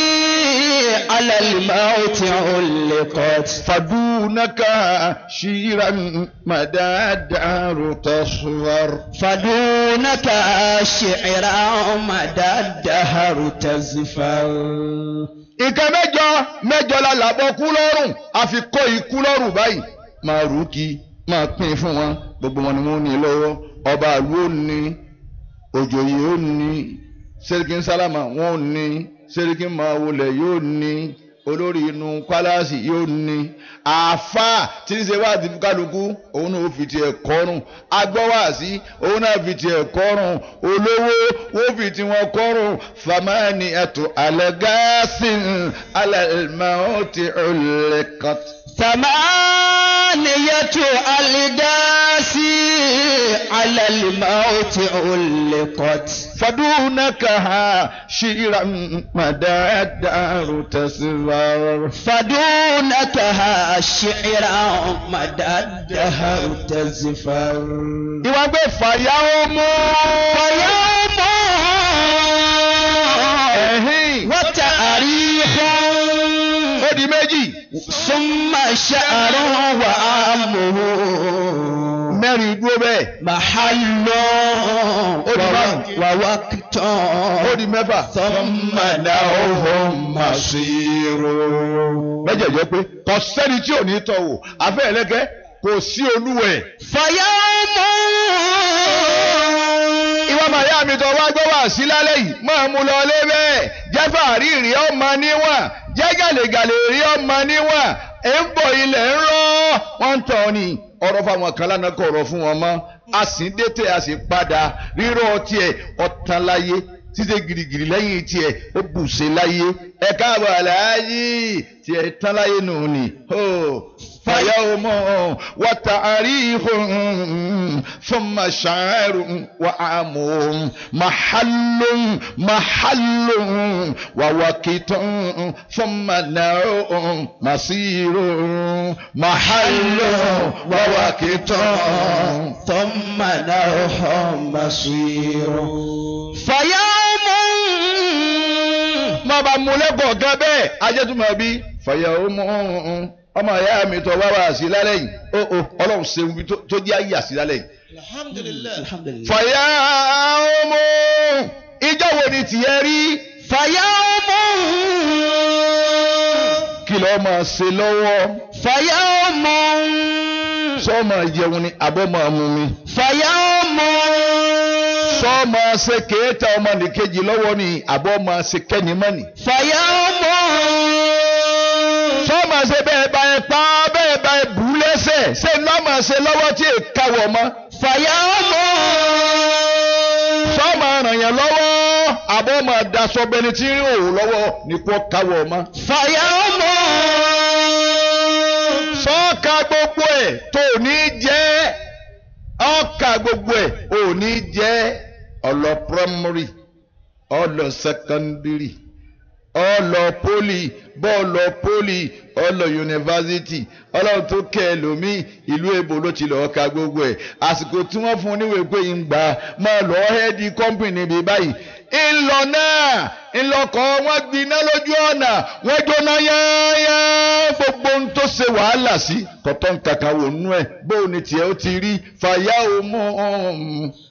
على الموت علقت فدونك شيرا مدى الدار تصفر فدونك شعرا مدى الدهر تزفر ìkẹ́ mẹ́jọ mẹ́jọ la làbọ̀ kú lọ́rùn àfi kó ikú lọ́rùn báyìí máa rú kí máa pín fún wọn gbogbo wọn ni wọn ní lọ́wọ́ ọba àlú ò ní òjòyè ò ní sẹ́ríkì sálámà wọn ò ní sẹ́ríkì máa wulẹ̀ yóò ní olórí inú kwalasi yóò ní àáfàá tí ń ṣe wá àti kálukú òun náà fi tiẹ̀ kọ́rùn agbọ́wàsí òun náà fi tiẹ̀ kọ́rùn olówó ó fi tiwọn kọ́rùn famani ẹ̀tọ́ alẹ́ gáàsì alẹ́ mọ́ ọ̀lẹ́kọ̀tì. ثمانية ألداسي على الموت علقت فدونكها شيرا مدى الدار تسفر فدونكها شيرا مدى الدهر تزفر. ìwà gbé súnmà ṣàrùn wà á mú. mẹ́rin dúró bẹ́ẹ̀. màhálọ́ wà wá tán. ó di mẹ́fà. súnmà náà ó mà sí ro. mẹ́jẹ̀jẹ̀ pé kò sẹ́ni tí ò ní tọ̀ wò afẹ́ ẹlẹ́gẹ́ kò sí olúwẹ̀. fàyà mọ́. ìwọ màyà mi tọ́ wá gbọ́ wá sí lálẹ́ yìí máa mú lọ lé bẹ́ẹ̀ jẹ́fà rírì ọ́ máa níwọ̀n jẹ́ gàlégàlé rí ọmọ níwọ̀n ẹ̀ ń bọ̀ ilẹ̀ ń rọ́ wọ́n ń tọ̀ ni ọ̀rọ̀ fáwọn kan lánàá kọ̀ ọ̀rọ̀ fún wọn mọ́ a sì ń dé tẹ̀ a sì padà rírọ̀ tiẹ̀ ọ̀tàn láyé ṣíṣe girigiri lẹ́yìn tiẹ̀ ó bù ṣe láyé ẹ káàbọ̀ aláàyè tiẹ̀ tán láyé nù ni fàyà ọmọ wàtà àríhùn fún màṣáàrù wà àmọ́ màhálùn màhálùn wà fún mànàrò màṣírò màhálùn wà fún mànàrò màṣírò. fàyà má ba mú lẹ́kọ̀ọ́ gẹ́ bẹ́ẹ̀ ajẹ́tùmọ̀ bí fàyà ó mú ọmọ ìyá mi tọ́ wá wá sí lálẹ́ yìí ó oh, ó oh, ọlọ́run ṣe wí tó jẹ́ ayé àsí lálẹ́ yìí. alhamdulilayi. fàyà ìjọ wo ni tìyẹ rí. fàyà ó kìlọ̀ máa ṣe lọ́wọ́. fàyà ó mú. sọ́ọ́ jẹun ni àbọ̀ máa mú mi. fàyà ó sọ ma ṣe kéèta ọmọnìkejì lọ́wọ́ ni àbọ̀ ma ṣe kẹ́ni mọ́ni. fàyà mọ́. sọ ma ṣe bẹ́ẹ̀ bá ẹ pa bẹ́ẹ̀ bá ẹ bù lẹ́sẹ̀ ṣé ma. ṣe lọ́wọ́ tí mọ́. fàyà sọ ma ràn yẹn lọ́wọ́ àbọ̀ ma daṣọ bẹni tí lọ́wọ́ ni kò mọ́. fàyà mọ́. gbogbo ẹ̀ tó ní jẹ́ gbogbo ẹ̀ ò ọlọ primary ọlọ secondary ọlọ poli bọ́ọ̀lọ poli ọlọ yunifásitì ọlọ́run tó kẹ́ ẹ lómi ìlú èbó ló ti lọ́ọ́ ka gbogbo ẹ̀ àsìkò tí wọ́n fún un níwèé pé ń gbà máa lọ́ọ́ hẹ́ẹ̀dì kọ́mpìnì bíi báyìí ńlọ náà ńlọkọ̀ wọ́n gbiná lójú ọ̀nà wọ́n jóná yáyá gbogbo ohun tó ṣe wàhálà sí kọ̀tọ́ nǹkan kan wò nú ẹ̀ bóun ni tiẹ̀ ó ti rí fàyà òmùn.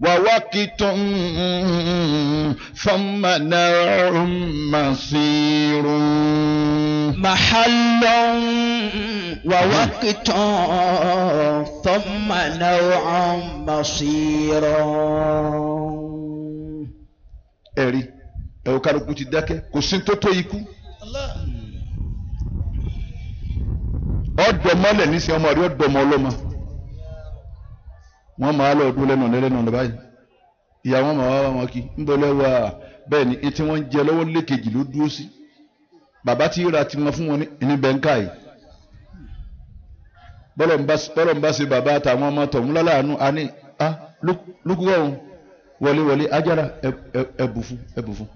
ووقت ثم نوع مصير محل ووقت ثم نوع مصير ẹ̀rí ẹ̀rọ kálukú ti dákẹ́ kò sí tó tó ikú ọ̀dọ̀ mọ́lẹ̀ ní sẹ́wọ́n ọ̀dọ̀ wọ́n máa lọ dúró lẹ́nu lẹ́nu báyìí ìyá wọn máa wá wọn kí níbo lẹ́wà bẹ́ẹ̀ ni etí wọn ń jẹ lọ́wọ́ lékejì ló dúró sí bàbá tí ra tiwọn fún wọn ní bẹ́ńkà yìí bọ́lọ̀ ń bá ṣe bàbá àtàwọn ọmọ tọ̀hún láláàánú a ní a ah, lókùkọ́ òun wọléwọlé ajára ẹ̀bù fún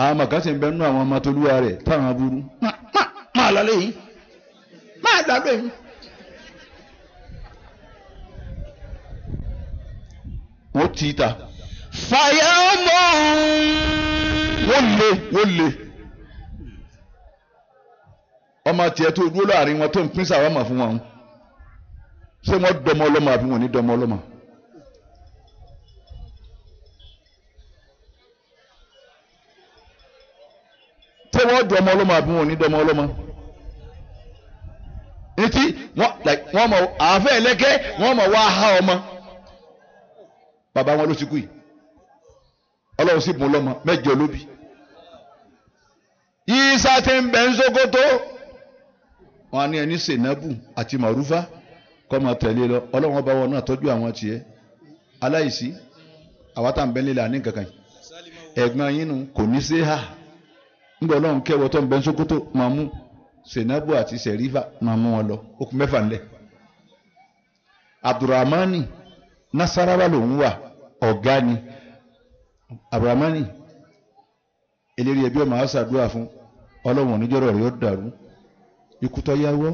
àwọn màkàtí ń bẹ nínú àwọn ọmọ tolúwa rẹ̀ táwọn aburú máa lálẹ́ yìí máa lálẹ́ yìí. títà. fàyà ọmọ wọ́n lé wọ́n lé ọmọ tiẹ̀ tó dúró láàrin wọn tó ń pín sàwọn ọmọ fún wọn ṣé wọ́n dọmọ ọlọ́mọ àbí wọn ò ní dọmọ ọlọ́mọ. ṣé wọ́n dọmọ ọlọ́mọ àbí wọn ní dọmọ ọlọ́mọ etí wọn mọ àáfẹ́ wọn mọ wá há ọmọ bàbá wọn ló ti kú yìí ọlọ́run sì bùn lọ́mọ mẹ́jọ ló bí yíṣà ti ń bẹ̀ ń wọn ẹni sènabù àti màrúfà kọ́ máa tẹ̀lé lọ ọlọ́run bá wọn náà tọ́jú àwọn tiẹ̀ aláìsí àwa tá à ń bẹ́ nílẹ̀ àní kankan kò ní hà ọlọ́run kẹwọ́ tó ń ń máa mú àti sẹ̀rífà máa mú wọn lọ nasarawa lòun wà ọ̀gá ni abrahamani eléré ẹbí ọmọ hausa dúà fún ọlọ́run oníjọ́rọ̀ rẹ̀ yóò dàrú ikú tó yáwọ́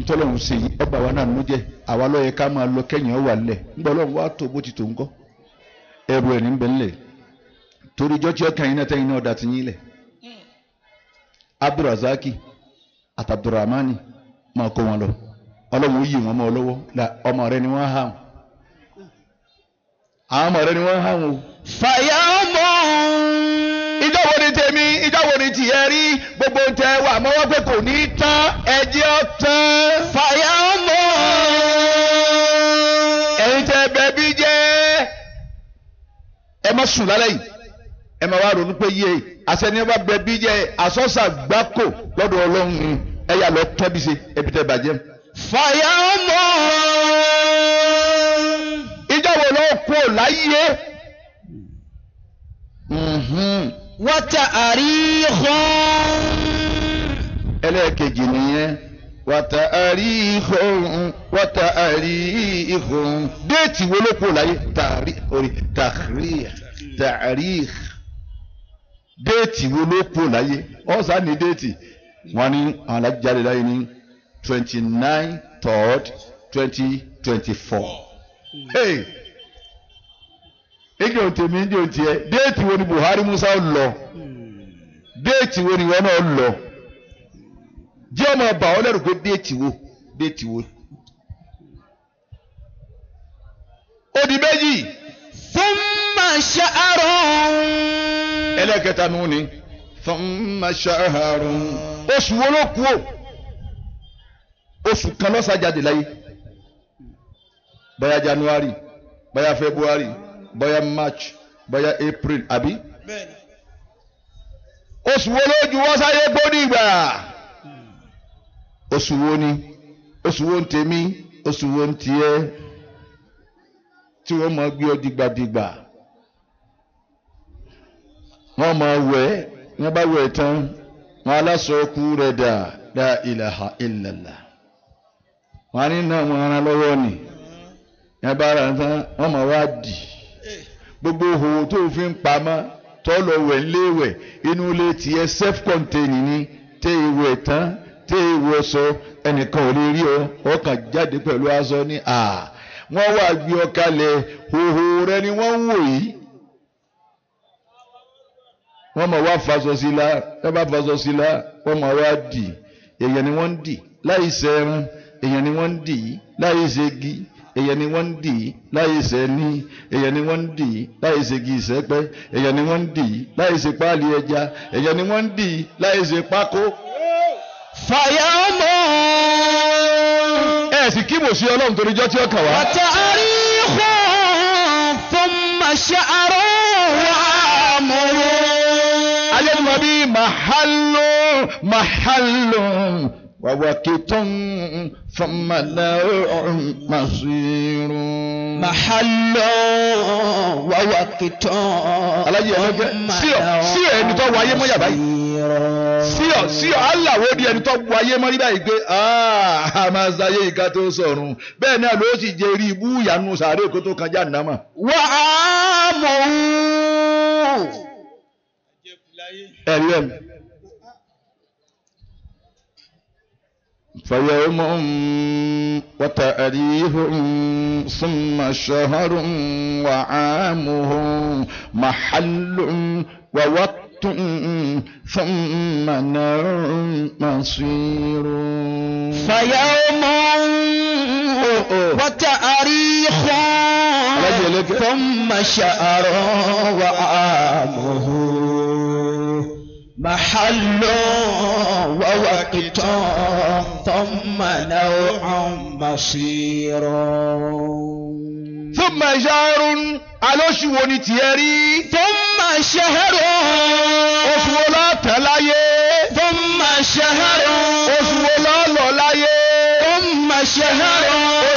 ìtọ́lọ́run ṣe yí ọgbà wa náà mú àwa lọ́yẹ ká máa lọ kẹ́yìn ọ̀wà lẹ̀ ńgbà ọlọ́run wá tó bó ti tó torí yín náà tẹ́yìn náà ti yín hmm. ọlọ́run yìí wọn mọ́ ọ lọ́wọ́ ọmọ rẹ ni wọ́n hàn àwọn ọmọ rẹ ni wọ́n hàn o. fàyà mọ́ ìjọ wo ni tèmi ìjọ wo ni tìyẹ rí gbogbo tẹ wà mọ́wọ́ pé kò ní tán ẹjẹ́ ọ tán. fàyà mọ́ ẹ̀yin tẹ bẹ̀bí jẹ́ ẹ má sùn lálẹ́ yìí ẹ má wá ronú pé yé àṣẹni bá bẹ̀bí jẹ́ àsọ́sà gbáko lọ́dọ̀ ọlọ́run ẹ̀yà lọ tẹ́bí ṣe ẹbí tẹ́ bàjẹ́ mu fàyà mọ́ ìjọ wo ló kú láyé mhm. wọ́tà àríkọ́ ẹlẹ́ẹ̀kejì nìyẹn wọ́tà àríkọ́ wọ́tà àríkọ́ déètì wo ló kú láyé tàrí orí tàrí tàrí déètì wo ló kú láyé ọ̀sán ni déètì wọ́n ní alájáde láyé ní twenty nine third twenty twenty four. hey ege òtẹ̀mí ndé òtẹ̀ déètì wo ni Buhari Musa ó lọ déètì wo ni wọn náà lọ jẹ́ ọmọ ọba ọ lẹ́rù pé wo déètì wo. odi méjì. thumma sha'arun. ẹlẹ́kẹta mi wù ní thumma sha'arun. oṣù wo ló kú o oṣù kan lọ́sà jáde láyé bóyá January bóyá February bóyá March bóyá April àbí oṣù wo lójú wọ́n sáyé gbódì gbà oṣù wo ni oṣù wo ń tèmi oṣù wo ń tiẹ́ tí wọ́n máa gbé ọ dìgbàdìgbà wọ́n máa wẹ̀ wọ́n bá wẹ̀ tán wọ́n aláṣọ ọkù rẹ̀ dà la ilaha illallah wọn na ní náà wọn ara lọ́wọ́ ni ẹ bá ra tán wọn mọ̀ wá dì gbogbo òhòhò tó fi ń pamọ́ tọ́lọ̀ wẹ̀ léwẹ̀ inú ilé tiẹ̀ self contained ni tẹ́ ìwẹ̀ tán tẹ́ ìwẹ̀ sọ ẹnìkan ò lè rí ọ ọkàn jáde pẹ̀lú aṣọ ní à wọ́n wá gbé ọ kalẹ̀ òhò rẹ ni wọ́n ń wò yìí wọ́n mọ̀ wá faṣọ sí la ẹ bá faṣọ sí la wọ́n mọ̀ wá dì èèyàn ni wọ́n ń dì láì sẹ́run èèyàn ni wọ́n ń dì í láyé ṣégi èèyàn ni wọ́n ń dì í láyé ṣẹ́ni èèyàn ni wọ́n ń dì í láyé ṣégi ìṣẹ́pẹ́ èèyàn ni wọ́n ń dì í láyé ṣe páàlì ẹja èèyàn ni wọ́n ń dì í láyé ṣe pákó. ẹ sì kí mòsí ọlọ́run torí jọ́ tí ó kàn wá. bàtà àríwá fún màṣẹ àrò wà mọ́rọ́. ayélujára bíi màhálò màhálò. ووقتا ثم لا مصير محل ووقتا sí ọ sí ọ ẹni tó wọ ayé mọ́ yàrá yìí sí ọ sí ọ aláwo di ẹni tó wọ ayé mọ́ rí báyìí pé a máa ṣayé ìka tó sọ̀rùn bẹ́ẹ̀ náà ló sì jẹ́ rí ibú ìyanu sàárè kó tó kan jáde wà á mọ̀ ọ́. ẹ̀rí ẹ̀ فيوم وتأريهم ثم شهر وعامهم محل ووقت ثم نوم مصير فيوم وتأريخ ثم شهر وعامه محل ووقت ثم نوع مصير ثم شهر alóṣù wo ni tiẹ̀ rí. thumma shahru. oṣù wo lọ tẹ̀ láyé. thumma shahru. oṣù wo lọ lọ láyé. thumma shahru.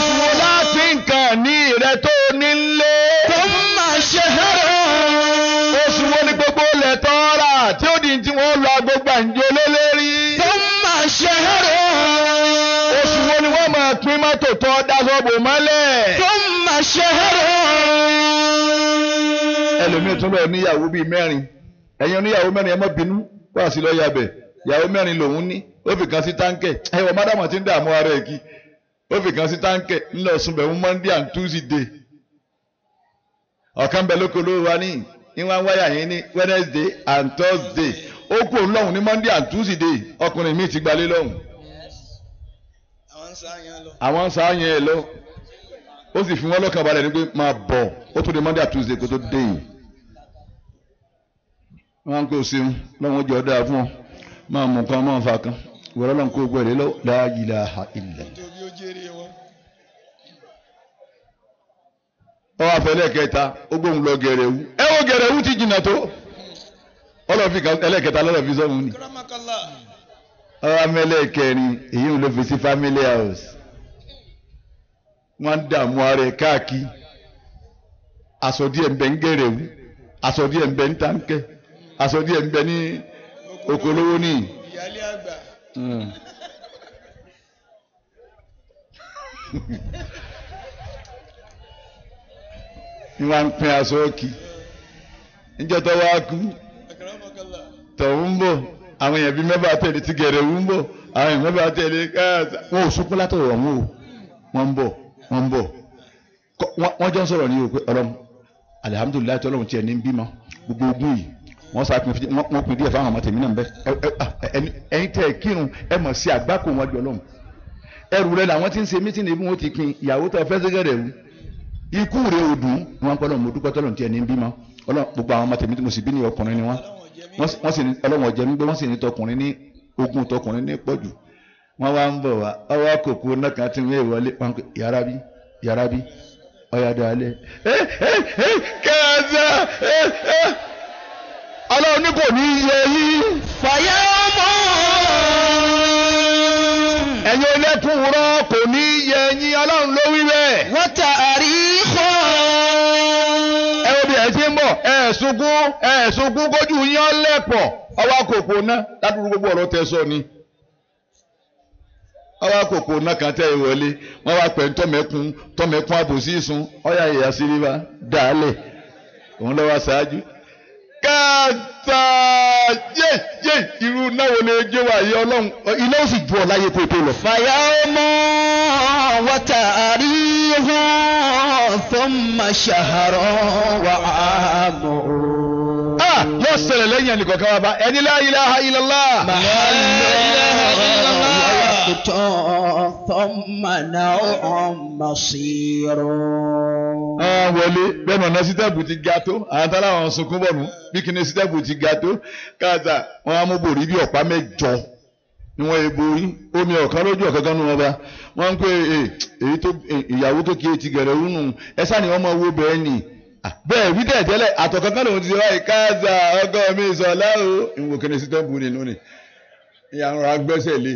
tún lọ níyàwó bíi mẹ́rin ẹ̀yin oníyàwó mẹ́rin ẹ má bínú wá sí lọ́ọ́ yabẹ̀ ìyàwó mẹ́rin lòun ní ó fi kan sí táǹkẹ̀ ẹ̀wọ̀n mádàmù ti ń dààmú ara ẹ̀ kí ó fi kan sí táǹkẹ̀ ńlọ sunbẹ̀ fún Monday and Tuesday ọ̀kan bẹ̀ lóko and Thursday ó kú òun lọ́hùn ní and Tuesday ọkùnrin mi ti gbalé fi wọn balẹ̀ máa bọ̀ ó tún wọn kò ṣeun lọ́wọ́n jọ dáa fún ọ máa mú kan máa fa kan ìwọ́rọ́ lọ́n kó gbẹ̀rẹ̀ lọ la ilaha illa. ọwọ́ àfẹ́lẹ́ kẹta ó gbóhùn lọ gẹ̀rẹ̀wú ẹ wo gẹ̀rẹ̀wú ti jìnnà tó ọlọ́ọ̀fin ẹlẹ́kẹta lọ́lọ́ọ̀fin sọ́hún ni ọwọ́ amẹ́lẹ́ kẹrin èyí ló fi sí family house wọ́n ń dààmú ara ẹ̀ káàkiri àsọdí ẹ̀ ń bẹ́ ń gẹ̀rẹ̀wú àsọdí ẹ̀ ń bẹ́ ń tàǹkẹ́ aṣọ díẹ̀ ń bẹ ní oko olówó ní. ìyáálé àgbà. Hmm. ní wàá ń pín aṣọ òkì níjọ́ tó wá kú tọ̀hún ń bọ̀ àwọn èèyàn bíi mẹ́fà tẹ̀lé ti gẹ̀rẹ̀ ń bọ̀ àwọn èèyàn mẹ́fà tẹ̀lé káàtà wọn ò sunkún látọ̀rọ̀ wọn o wọn ń bọ̀ wọn ń bọ̀ wọ́n jọ ń sọ̀rọ̀ ní òkú ọlọ́run alihamudulilayi tọ́lọ́run tiẹ̀ ní bímọ gbogbo ogun yìí wọ́n sá pin wọ́n pin díẹ̀ fáwọn ọmọ tèmi náà bẹ́ẹ̀ ẹ̀yin ah, tẹ́ ẹ kírun ẹ mọ̀ sí àgbákò wọn jọ lọ́hùn ẹrù rẹ làwọn ti ń ṣe mítìnì bí wọ́n ti pin ìyàwó tó fẹ́ sẹ́gẹ̀rẹ̀ wù ikú rẹ ò dùn wọn kọ́ lọ́hùn mo dúpẹ́ tọ́lọ́hùn tiẹ̀ ní bímọ gbogbo àwọn ọmọ tèmi tí mo sì bí ní ọkùnrin ni wọn wọ́n sì ní ọlọ́wọ̀n jẹ́ nígbẹ́ wọ́n sì ní tọkùnrin ní ogún tọkùnrin ní pọ̀jù wọ́n wá ń bọ̀ wá ọwọ́ kòkó náà kan ọlọ́run ní kò ní yẹ yín. fàyà mọ́. ẹ̀yin olẹ́kùn rọ kò ní yẹ yín ọlọ́run ló wí bẹ́ẹ̀. wọ́tà àríkọ́. ẹ wo bí ẹ ti ń bọ̀ ẹ sunkún ẹ sunkún kójú yín ọlẹ́pọ̀ ọwọ́ àkókò náà ládùúgbò gbogbo ọ̀rọ̀ tẹ sọ ni wọ́n wá kòkò náà ìwọlé wọ́n wá pẹ̀ tọ́mẹ̀kún tọ́mẹ̀kún àbòsí ìsun ọ̀yà ìyàsí rí wa dàálẹ̀ òun lọ́wọ́ ṣáájú kẹta yé yé irú náwó lè jẹ́ wà yé ọlọ́run ilé ó sì ju ọ̀la yẹ kó tó lọ. fàyà ọmọ wọ́tà àríwá tó mà ṣàhárọ̀ wà á mọ̀ ó. yóò ṣẹlẹ̀ ẹnì kọ̀ọ̀kan wa bá ẹni la ilaha illallah. màá lọ ilẹ̀ ilẹ̀ وقت ثم نوع مصير. àwọn wọlé bẹ́ẹ̀ mọ̀nà sítẹ́ẹ̀bù ti ga tó àwọn táláwọn sunkún bọ̀ nù bí kíni sítẹ́ẹ̀bù ti ga tó káàtà wọn á mú bòrí bí ọ̀pá mẹ́jọ ni wọ́n èèbò yí omi ọ̀kan lójú ọ̀kan kan nù wọn bá wọ́n ń pè é èyí tó ìyàwó tó kiri ti gẹ̀rẹ̀ rúnù ẹ ni wọ́n mọ owó bẹ́ẹ̀ nì bẹ́ẹ̀ wí dẹ̀ tẹ́lẹ̀ àtọ̀kankan lòun ti ṣe wáyé káàtà ọgọ́ mi sọ̀ láwo ìwòkè ni sítẹ́ẹ̀bù nínú ni ìyàrá gbẹ́sẹ̀ lé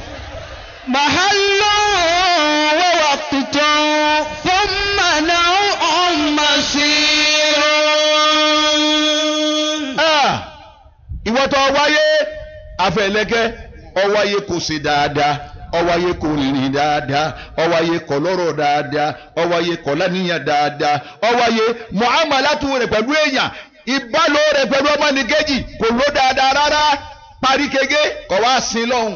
محل ووقت ثم نوع مسير ìwọ tó wáyé afẹ́lẹ́gẹ́ ọwáyé kò sí dáadáa ọwáyé kò rìnrìn dáadáa ọwáyé kò lọ́rọ̀ dáadáa ọwáyé kò láníyàn dáadáa ọwáyé muamalatu rẹ̀ pẹ̀lú èèyàn ìbálò rẹ̀ pẹ̀lú ọmọnìkejì kò ló dáadáa rárá parí kege kò wá sin lọ́hùn.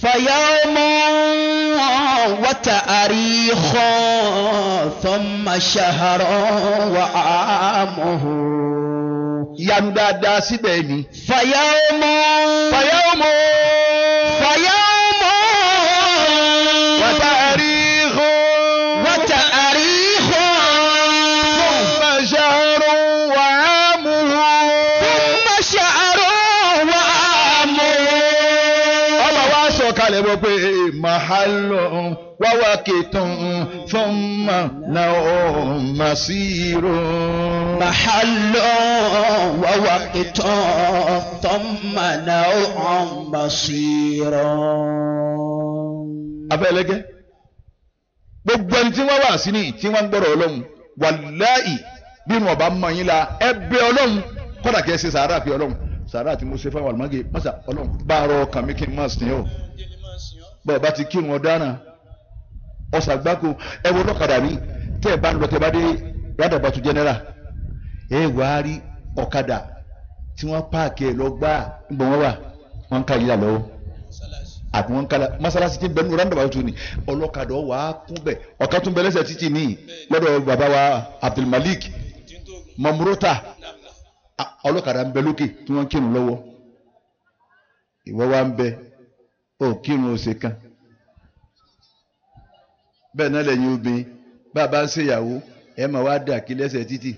فيوم وتاريخ ثم شهر وعامه yanu dáadáa síbẹ̀ ni. fàyà ọmọ. ظل ووقت ثم نوم مسير محل ووقت ثم نوم مسير abẹ́lẹ́gẹ́ gbogbo ẹni tí wọ́n wà sí ni tí wọ́n ń gbọ́rọ̀ ọlọ́run wàláì bí wọn bá mọ yín la ẹ bẹ̀ ọlọ́run kọ́dà kẹ́ ẹ ṣe sàárà fi ọlọ́run sàárà tí mo ṣe fún àwọn àlùmọ́gẹ́ ọlọ́run bá a rọ ọkàn mi kí n má sìn ọ́ bọ́ọ̀ bá ti kírun ọ̀daràn ọ̀sàgbákò ẹ wo lọ́kadà mi tẹ́ ẹ bá ń lọ tẹ́ bá dé rádàbàtú general ẹ wàá rí ọ̀kadà tí wọ́n páàkì ẹ̀ lọ gbá nígbà wọn wà wọ́n ń ka yìí lọ́wọ́ àbí wọ́n kala masalasi ti bẹnu rádàbàtú ni ọlọ́kadà wà á kún bẹ̀ ọ̀ka tún bẹ lẹ́sẹ̀ wa Abdulmalik Mamurota ọlọ́kadà ń bẹ lókè tí wọ́n kírun lọ́wọ́ ìwọ́ wa ń òkírun ọ̀sẹ̀ kan bẹ́ẹ̀ náà lẹ́yìn obìnrin bá a bá ń ṣèyàwó ẹ máa wá dà kí lẹ́sẹ̀ títì.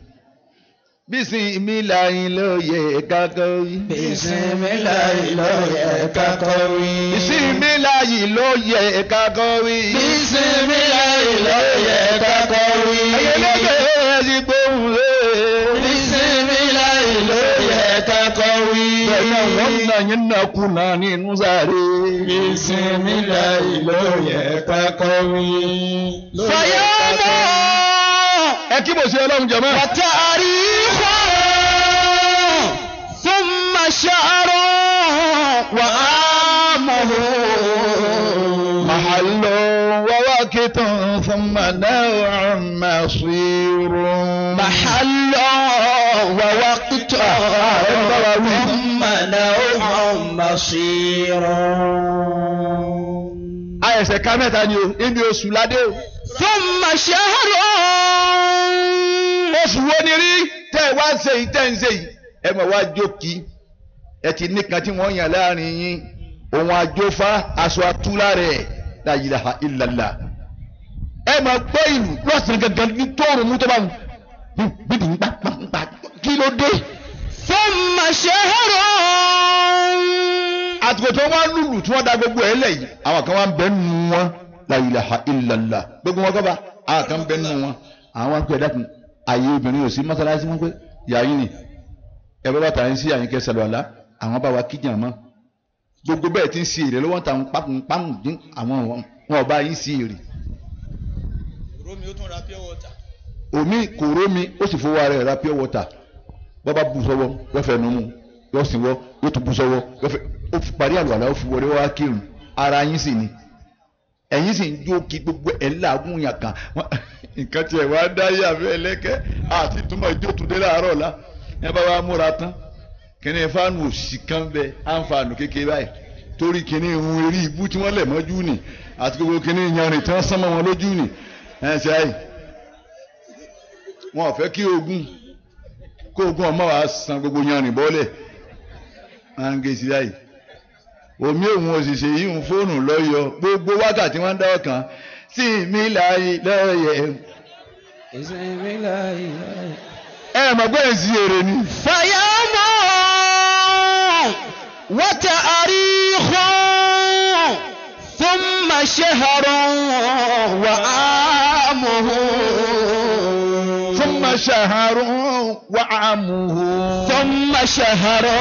Bísímíláyìn ló yẹ kákọ́ wí. Bísímíláyìn ló yẹ kákọ́ wí. Bísímíláyìn ló yẹ kákọ́ wí. Bísímíláyìn ló yẹ kákọ́ wí. Ayọ̀lẹ́gbẹ̀ẹ́ ti gbóhùn lé. yín náà kùnà nínú sáré. bisimilayi ló yẹ kakọ́ mi. sọyá náà ẹ kí mo ṣe ọlọ́run jẹ mọ́. bàtà àríwá fún màṣàrọ̀ wà á mọ̀ mahalo wawakitun ثم نوع مصير محل ووقت ثم لهم بصيرا ah, ẹsẹ̀ ká mẹ́ta ni o níbi oṣù ládé o. fún màṣẹ́rọ̀. oṣù wo ni rí tẹ́ ẹ wá ń ṣe yìí tẹ́ ń ṣe yìí ẹ mọ̀ wá jókì ẹ ti nìkan tí wọ́n yàn láàrin yín òun àjọfá aṣọ àtúlá rẹ̀ la ilaha illallah. ẹ mọ̀ gbọ́ ìlú lọ́sàn-án gangan ní tóorùn mú tó bá wù bíbí ń pa kí ló dé. ثم شهر àtùkò tí wọ́n wá lùlù tí wọ́n da gbogbo ẹ̀ lẹ̀ yìí àwọn kan wá ń bẹ nù wọn la ilaha illallah gbogbo wọn kọba àwọn kan ń bẹ nù wọn àwọn akpẹ dàkún àyè obìnrin ò sí mọ́sálásí wọn pé yàyí ni ẹ bá bàtà yín sí àyín kẹsẹ̀ lọ́la àwọn bá wa kíjà mọ́ gbogbo bẹ́ẹ̀ ti ń ṣe èrè lọ́wọ́ táwọn pákùn pákùn dín àwọn wọn ọba yín ṣe èrè. romi ó tún ra pure water. omi kò romi ó sì fowó ara ẹ̀ ra pure water bàbá bù sọ́wọ́ yóò fẹ́ numu yóò sì wọ́ yóò tún bù sọ́wọ́ yóò fẹ́ ó fi parí àlùwàlá ó fi wọlé wá kírun ara yín sì ni ẹ̀yin sì ń jó kí gbogbo ẹ̀ láàgùn yàn kan nǹkan tiẹ̀ wá dá yé àfẹ́ ẹlẹ́kẹ́ àti túmọ̀ ìjó tún dé láàárọ̀ la ẹ bá wa múra tán kìnìún fáànù òsì kan bẹ àǹfààní kékeré báyìí torí kìnìún ìhun eré ibú tí wọ́n lẹ̀ mọ́jú ni àti gbogbo kìnìún ìyanrìn tí wọ́n sánmọ́ wọn lójú ni ẹ̀ ṣe àyè wọn ò fẹ́ kí ogun kóògùn ọmọ wa san gbogbo yanrìn bọ́lẹ̀ máa ń gé sí láyìí omi òun òṣìṣẹ́ yìí ń fóònù lọ́yọ̀ gbogbo wákàtí wọ́n ń dá ọkàn sí mi láyé lọ́yẹ̀. ẹ mọ̀ pé èsì èrè ni. fàyà wọ́tà àríkọ́ fún màṣẹ́ àrùn wà ṣàhárọ̀ wà á mú o. sọ́mà ṣàhárọ̀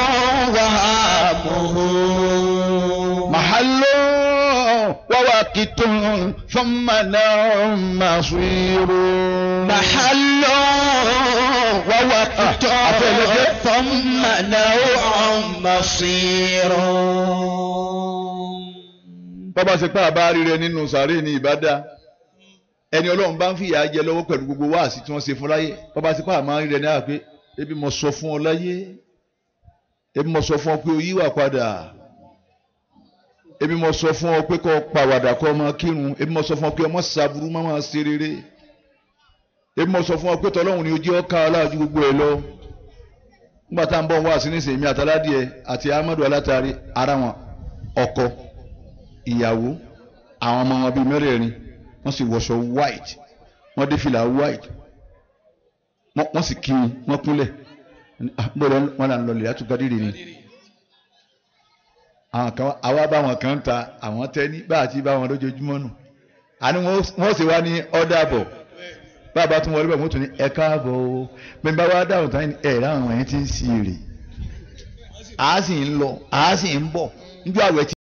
wà á mú o. màhálò wàwà kìtùn sọ́mà náà mà sùúrù. màhálò wàwà kìtùn sọ́mà náà mà sùúrù. bàbá ṣe pé àbá rí rẹ nínú sàárè ní ìbádá ẹni ọlọ́run bá ń fìyà jẹ lọ́wọ́ pẹ̀lú gbogbo wáàsí tí wọ́n ṣe fún láyé bàbá ti pààmà rí rẹ̀ náà pé ebi mo sọ fún ọ láyé ebi mo sọ fún ọ pé o yíwà padà ebi mo sọ fún ọ pé kó pàwàdà kó máa kírun ebi mo sọ fún ọ pé ọmọ sàbúrú má máa ṣe rere ebi mo sọ fún ọ pé tọ́lọ́run ni ojú ọ̀ka aláàjú gbogbo ẹ̀ lọ nígbà tá à ń bọ̀ wá sí nísìnyí àtàládìẹ àti Ahmadu alátari ara wọn ọkọ ìyàwó àwọn ọmọ wọn bíi mẹ́rẹ̀ẹ̀rin wọ́n sì wọṣọ white wọ́n dé fìlà white wọ́n sì kí wọ́n kúnlẹ̀ bọ́ọ̀lù ah, wọn là ń lọ lèyàtú kadiri ni àwọn kan àwa bá wọn kan ta àwọn tẹ́ni bá àti bá wọn lójoojúmọ́ nù àní wọ́n sì wá ní ọ̀dà bọ̀ bàbá tún wọlé bẹ̀ wọ́n tún ní ẹ káàbọ̀ o bẹ́ẹ̀ bá wá dáhùn táyìn ẹ̀ ráhùn ẹ̀ ti ń sí rè á sì ń lọ á sì ń bọ̀ níjọ́ àwẹ̀